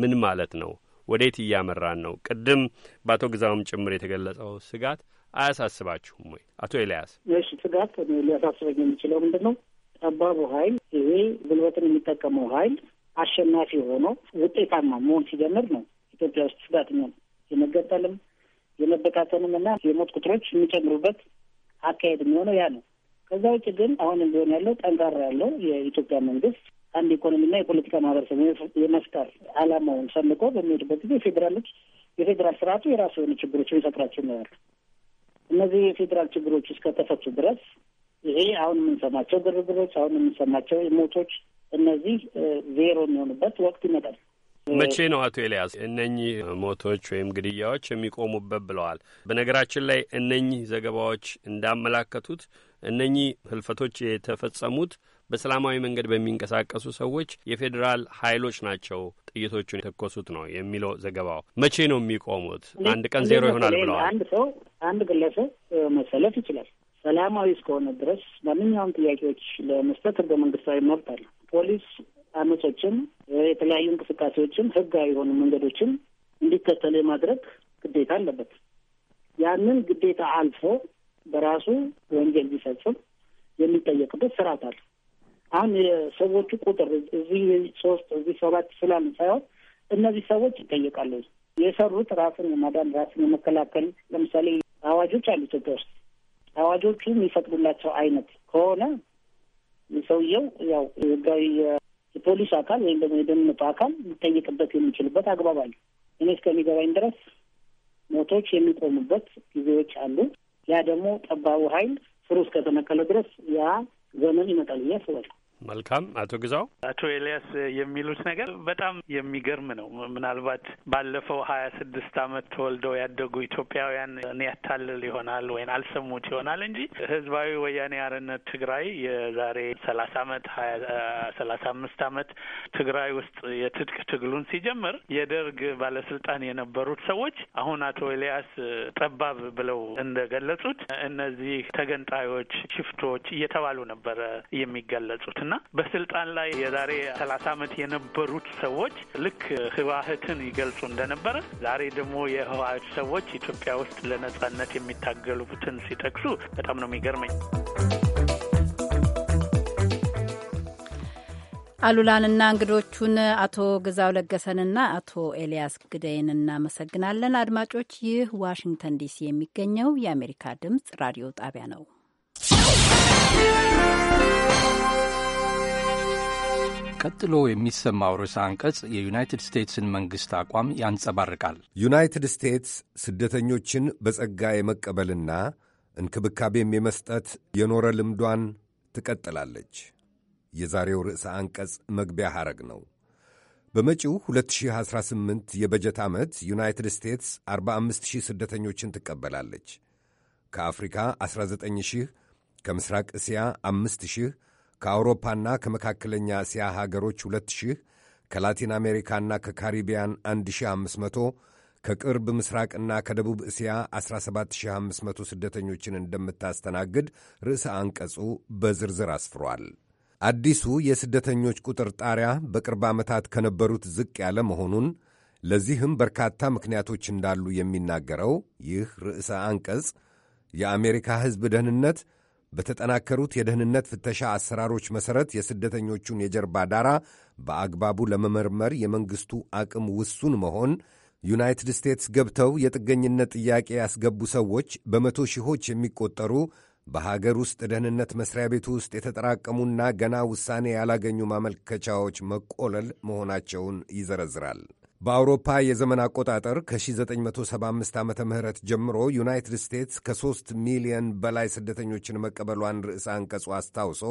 ምን ማለት ነው? ወዴት እያመራን ነው? ቅድም በአቶ ግዛውም ጭምር የተገለጸው ስጋት አያሳስባችሁም ወይ አቶ ኤልያስ? እሺ ስጋት ሊያሳስበኝ የሚችለው ምንድን ነው? ጠባቡ ኃይል ይሄ ጉልበትን የሚጠቀመው ኃይል አሸናፊ ሆኖ ውጤታማ መሆን ሲጀምር ነው ኢትዮጵያ ውስጥ ስጋትኛ የመገጠልም የመበታተንም እና የሞት ቁጥሮች የሚጨምሩበት አካሄድ የሚሆነው ያ ነው። ከዛ ውጭ ግን አሁንም ቢሆን ያለው ጠንካራ ያለው የኢትዮጵያ መንግስት አንድ ኢኮኖሚና የፖለቲካ ማህበረሰብ የመፍጠር አላማውን ሰንቆ በሚሄድበት ጊዜ ፌዴራሎች የፌዴራል ስርዓቱ የራሱ የሆኑ ችግሮች የሚፈጥራቸው ነው ያሉ እነዚህ የፌዴራል ችግሮች እስከተፈቱ ድረስ ይሄ አሁን የምንሰማቸው ግርግሮች፣ አሁን የምንሰማቸው ሞቶች፣ እነዚህ ዜሮ የሚሆኑበት ወቅት ይመጣል። መቼ ነው አቶ ኤልያስ እነኚህ ሞቶች ወይም ግድያዎች የሚቆሙበት ብለዋል? በነገራችን ላይ እነኚህ ዘገባዎች እንዳመላከቱት እነኚህ ህልፈቶች የተፈጸሙት በሰላማዊ መንገድ በሚንቀሳቀሱ ሰዎች የፌዴራል ኃይሎች ናቸው ጥይቶቹን የተኮሱት ነው የሚለው ዘገባው። መቼ ነው የሚቆሙት? አንድ ቀን ዜሮ ይሆናል ብለዋል። አንድ ሰው አንድ ግለሰብ መሰለፍ ይችላል። ሰላማዊ እስከሆነ ድረስ ማንኛውም ጥያቄዎች ለመስጠት ህገ መንግስታዊ መብት አለ። ፖሊስ አመጾችን፣ የተለያዩ እንቅስቃሴዎችን ህጋዊ የሆኑ መንገዶችን እንዲከተሉ የማድረግ ግዴታ አለበት። ያንን ግዴታ አልፎ በራሱ ወንጀል ቢፈጽም የሚጠየቅበት ስርዓት አለ። አሁን የሰዎቹ ቁጥር እዚህ ሶስት እዚህ ሰባት ስላሉ ሳይሆን እነዚህ ሰዎች ይጠየቃሉ። የሰሩት ራስን የማዳን ራስን የመከላከል ለምሳሌ አዋጆች አሉ ኢትዮጵያ ውስጥ። አዋጆቹ የሚፈቅዱላቸው አይነት ከሆነ ሰውየው ያው ህጋዊ የፖሊስ አካል ወይም ደግሞ የደህንነቱ አካል ሊጠየቅበት የሚችልበት አግባብ አለ። እኔ እስከሚገባኝ ድረስ ሞቶች የሚቆሙበት ጊዜዎች አሉ። ያ ደግሞ ጠባቡ ኃይል ስሩ እስከተነቀለ ድረስ ያ ዘመን ይመጣል ብዬ አስባለሁ። መልካም አቶ ግዛው አቶ ኤልያስ የሚሉት ነገር በጣም የሚገርም ነው። ምናልባት ባለፈው ሀያ ስድስት አመት ተወልደው ያደጉ ኢትዮጵያውያን እኔ ያታልል ይሆናል ወይም አልሰሙት ይሆናል እንጂ ህዝባዊ ወያኔ አርነት ትግራይ የዛሬ ሰላሳ አመት ሀያ ሰላሳ አምስት አመት ትግራይ ውስጥ የትጥቅ ትግሉን ሲጀምር የደርግ ባለስልጣን የነበሩት ሰዎች አሁን አቶ ኤልያስ ጠባብ ብለው እንደገለጹት እነዚህ ተገንጣዮች፣ ሽፍቶች እየተባሉ ነበረ የሚገለጹት እና በስልጣን ላይ የዛሬ ሰላሳ ዓመት የነበሩት ሰዎች ልክ ህዋህትን ይገልጹ እንደነበረ ዛሬ ደግሞ የህዋህት ሰዎች ኢትዮጵያ ውስጥ ለነጻነት የሚታገሉትን ሲጠቅሱ በጣም ነው የሚገርመኝ። አሉላንና እንግዶቹን አቶ ግዛው ለገሰንና አቶ ኤልያስ ግደይን እናመሰግናለን። አድማጮች፣ ይህ ዋሽንግተን ዲሲ የሚገኘው የአሜሪካ ድምፅ ራዲዮ ጣቢያ ነው። ቀጥሎ የሚሰማው ርዕሰ አንቀጽ የዩናይትድ ስቴትስን መንግሥት አቋም ያንጸባርቃል። ዩናይትድ ስቴትስ ስደተኞችን በጸጋ የመቀበልና እንክብካቤም የመስጠት የኖረ ልምዷን ትቀጥላለች። የዛሬው ርዕሰ አንቀጽ መግቢያ ሐረግ ነው። በመጪው 2018 የበጀት ዓመት ዩናይትድ ስቴትስ 45000 ስደተኞችን ትቀበላለች። ከአፍሪካ 19000፣ ከምሥራቅ እስያ 5000 ከአውሮፓና ከመካከለኛ እስያ ሀገሮች 2000 ከላቲን አሜሪካና ከካሪቢያን 1500 ከቅርብ ምስራቅና ከደቡብ እስያ 17500 ስደተኞችን እንደምታስተናግድ ርዕሰ አንቀጹ በዝርዝር አስፍሯል። አዲሱ የስደተኞች ቁጥር ጣሪያ በቅርብ ዓመታት ከነበሩት ዝቅ ያለ መሆኑን ለዚህም በርካታ ምክንያቶች እንዳሉ የሚናገረው ይህ ርዕሰ አንቀጽ የአሜሪካ ሕዝብ ደህንነት በተጠናከሩት የደህንነት ፍተሻ አሰራሮች መሠረት የስደተኞቹን የጀርባ ዳራ በአግባቡ ለመመርመር የመንግሥቱ አቅም ውሱን መሆን ዩናይትድ ስቴትስ ገብተው የጥገኝነት ጥያቄ ያስገቡ ሰዎች በመቶ ሺዎች የሚቆጠሩ በሀገር ውስጥ ደህንነት መስሪያ ቤቱ ውስጥ የተጠራቀሙና ገና ውሳኔ ያላገኙ ማመልከቻዎች መቆለል መሆናቸውን ይዘረዝራል። በአውሮፓ የዘመን አቆጣጠር ከ1975 ዓ ም ጀምሮ ዩናይትድ ስቴትስ ከ3 ሚሊዮን በላይ ስደተኞችን መቀበሏን ርዕሰ አንቀጹ አስታውሶ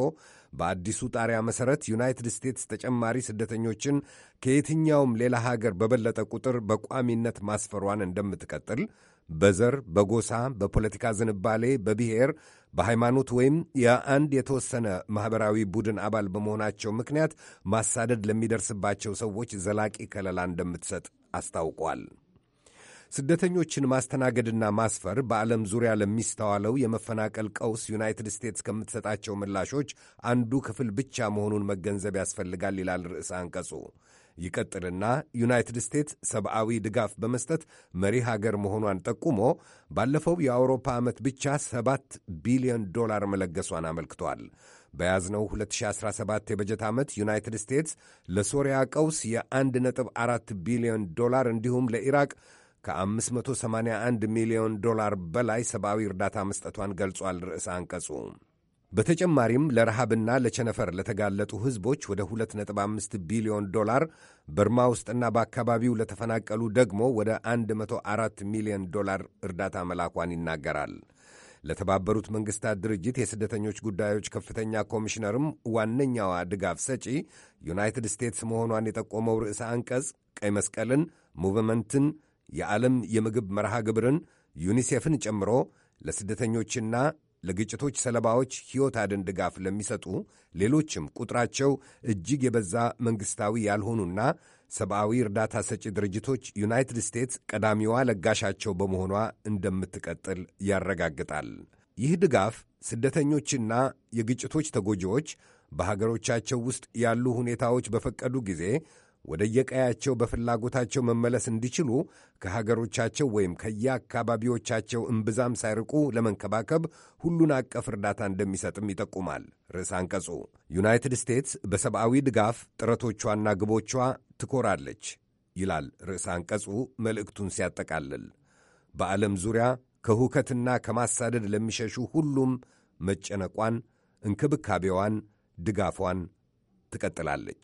በአዲሱ ጣሪያ መሠረት ዩናይትድ ስቴትስ ተጨማሪ ስደተኞችን ከየትኛውም ሌላ ሀገር በበለጠ ቁጥር በቋሚነት ማስፈሯን እንደምትቀጥል በዘር፣ በጎሳ፣ በፖለቲካ ዝንባሌ፣ በብሔር በሃይማኖት ወይም የአንድ የተወሰነ ማኅበራዊ ቡድን አባል በመሆናቸው ምክንያት ማሳደድ ለሚደርስባቸው ሰዎች ዘላቂ ከለላ እንደምትሰጥ አስታውቋል። ስደተኞችን ማስተናገድና ማስፈር በዓለም ዙሪያ ለሚስተዋለው የመፈናቀል ቀውስ ዩናይትድ ስቴትስ ከምትሰጣቸው ምላሾች አንዱ ክፍል ብቻ መሆኑን መገንዘብ ያስፈልጋል ይላል ርዕሰ አንቀጹ። ይቀጥልና ዩናይትድ ስቴትስ ሰብአዊ ድጋፍ በመስጠት መሪ ሀገር መሆኗን ጠቁሞ ባለፈው የአውሮፓ ዓመት ብቻ 7 ቢሊዮን ዶላር መለገሷን አመልክቷል። በያዝነው 2017 የበጀት ዓመት ዩናይትድ ስቴትስ ለሶሪያ ቀውስ የ1.4 ቢሊዮን ዶላር እንዲሁም ለኢራቅ ከ581 ሚሊዮን ዶላር በላይ ሰብአዊ እርዳታ መስጠቷን ገልጿል። ርዕሰ አንቀጹ በተጨማሪም ለረሃብና ለቸነፈር ለተጋለጡ ሕዝቦች ወደ 2.5 ቢሊዮን ዶላር፣ በርማ ውስጥና በአካባቢው ለተፈናቀሉ ደግሞ ወደ 104 ሚሊዮን ዶላር እርዳታ መላኳን ይናገራል። ለተባበሩት መንግስታት ድርጅት የስደተኞች ጉዳዮች ከፍተኛ ኮሚሽነርም ዋነኛዋ ድጋፍ ሰጪ ዩናይትድ ስቴትስ መሆኗን የጠቆመው ርዕሰ አንቀጽ ቀይ መስቀልን፣ ሙቭመንትን፣ የዓለም የምግብ መርሃ ግብርን፣ ዩኒሴፍን ጨምሮ ለስደተኞችና ለግጭቶች ሰለባዎች ሕይወት አድን ድጋፍ ለሚሰጡ ሌሎችም ቁጥራቸው እጅግ የበዛ መንግሥታዊ ያልሆኑና ሰብአዊ እርዳታ ሰጪ ድርጅቶች ዩናይትድ ስቴትስ ቀዳሚዋ ለጋሻቸው በመሆኗ እንደምትቀጥል ያረጋግጣል። ይህ ድጋፍ ስደተኞችና የግጭቶች ተጎጂዎች በሀገሮቻቸው ውስጥ ያሉ ሁኔታዎች በፈቀዱ ጊዜ የቀያቸው በፍላጎታቸው መመለስ እንዲችሉ ከሀገሮቻቸው ወይም ከየአካባቢዎቻቸው እምብዛም ሳይርቁ ለመንከባከብ ሁሉን አቀፍ እርዳታ እንደሚሰጥም ይጠቁማል ርዕስ አንቀጹ። ዩናይትድ ስቴትስ በሰብአዊ ድጋፍ ጥረቶቿና ግቦቿ ትኮራለች ይላል ርዕስ አንቀጹ መልእክቱን ሲያጠቃልል። በዓለም ዙሪያ ከሁከትና ከማሳደድ ለሚሸሹ ሁሉም መጨነቋን፣ እንክብካቤዋን፣ ድጋፏን ትቀጥላለች።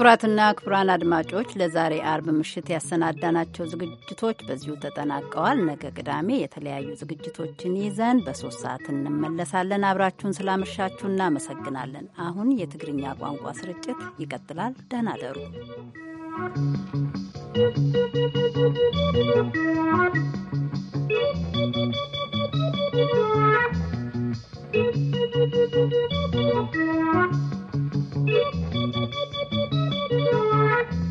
ክቡራትና ክቡራን አድማጮች ለዛሬ አርብ ምሽት ያሰናዳናቸው ዝግጅቶች በዚሁ ተጠናቀዋል። ነገ ቅዳሜ የተለያዩ ዝግጅቶችን ይዘን በሶስት ሰዓት እንመለሳለን። አብራችሁን ስላመሻችሁ እናመሰግናለን። አሁን የትግርኛ ቋንቋ ስርጭት ይቀጥላል። ደህና ደሩ። Thank you.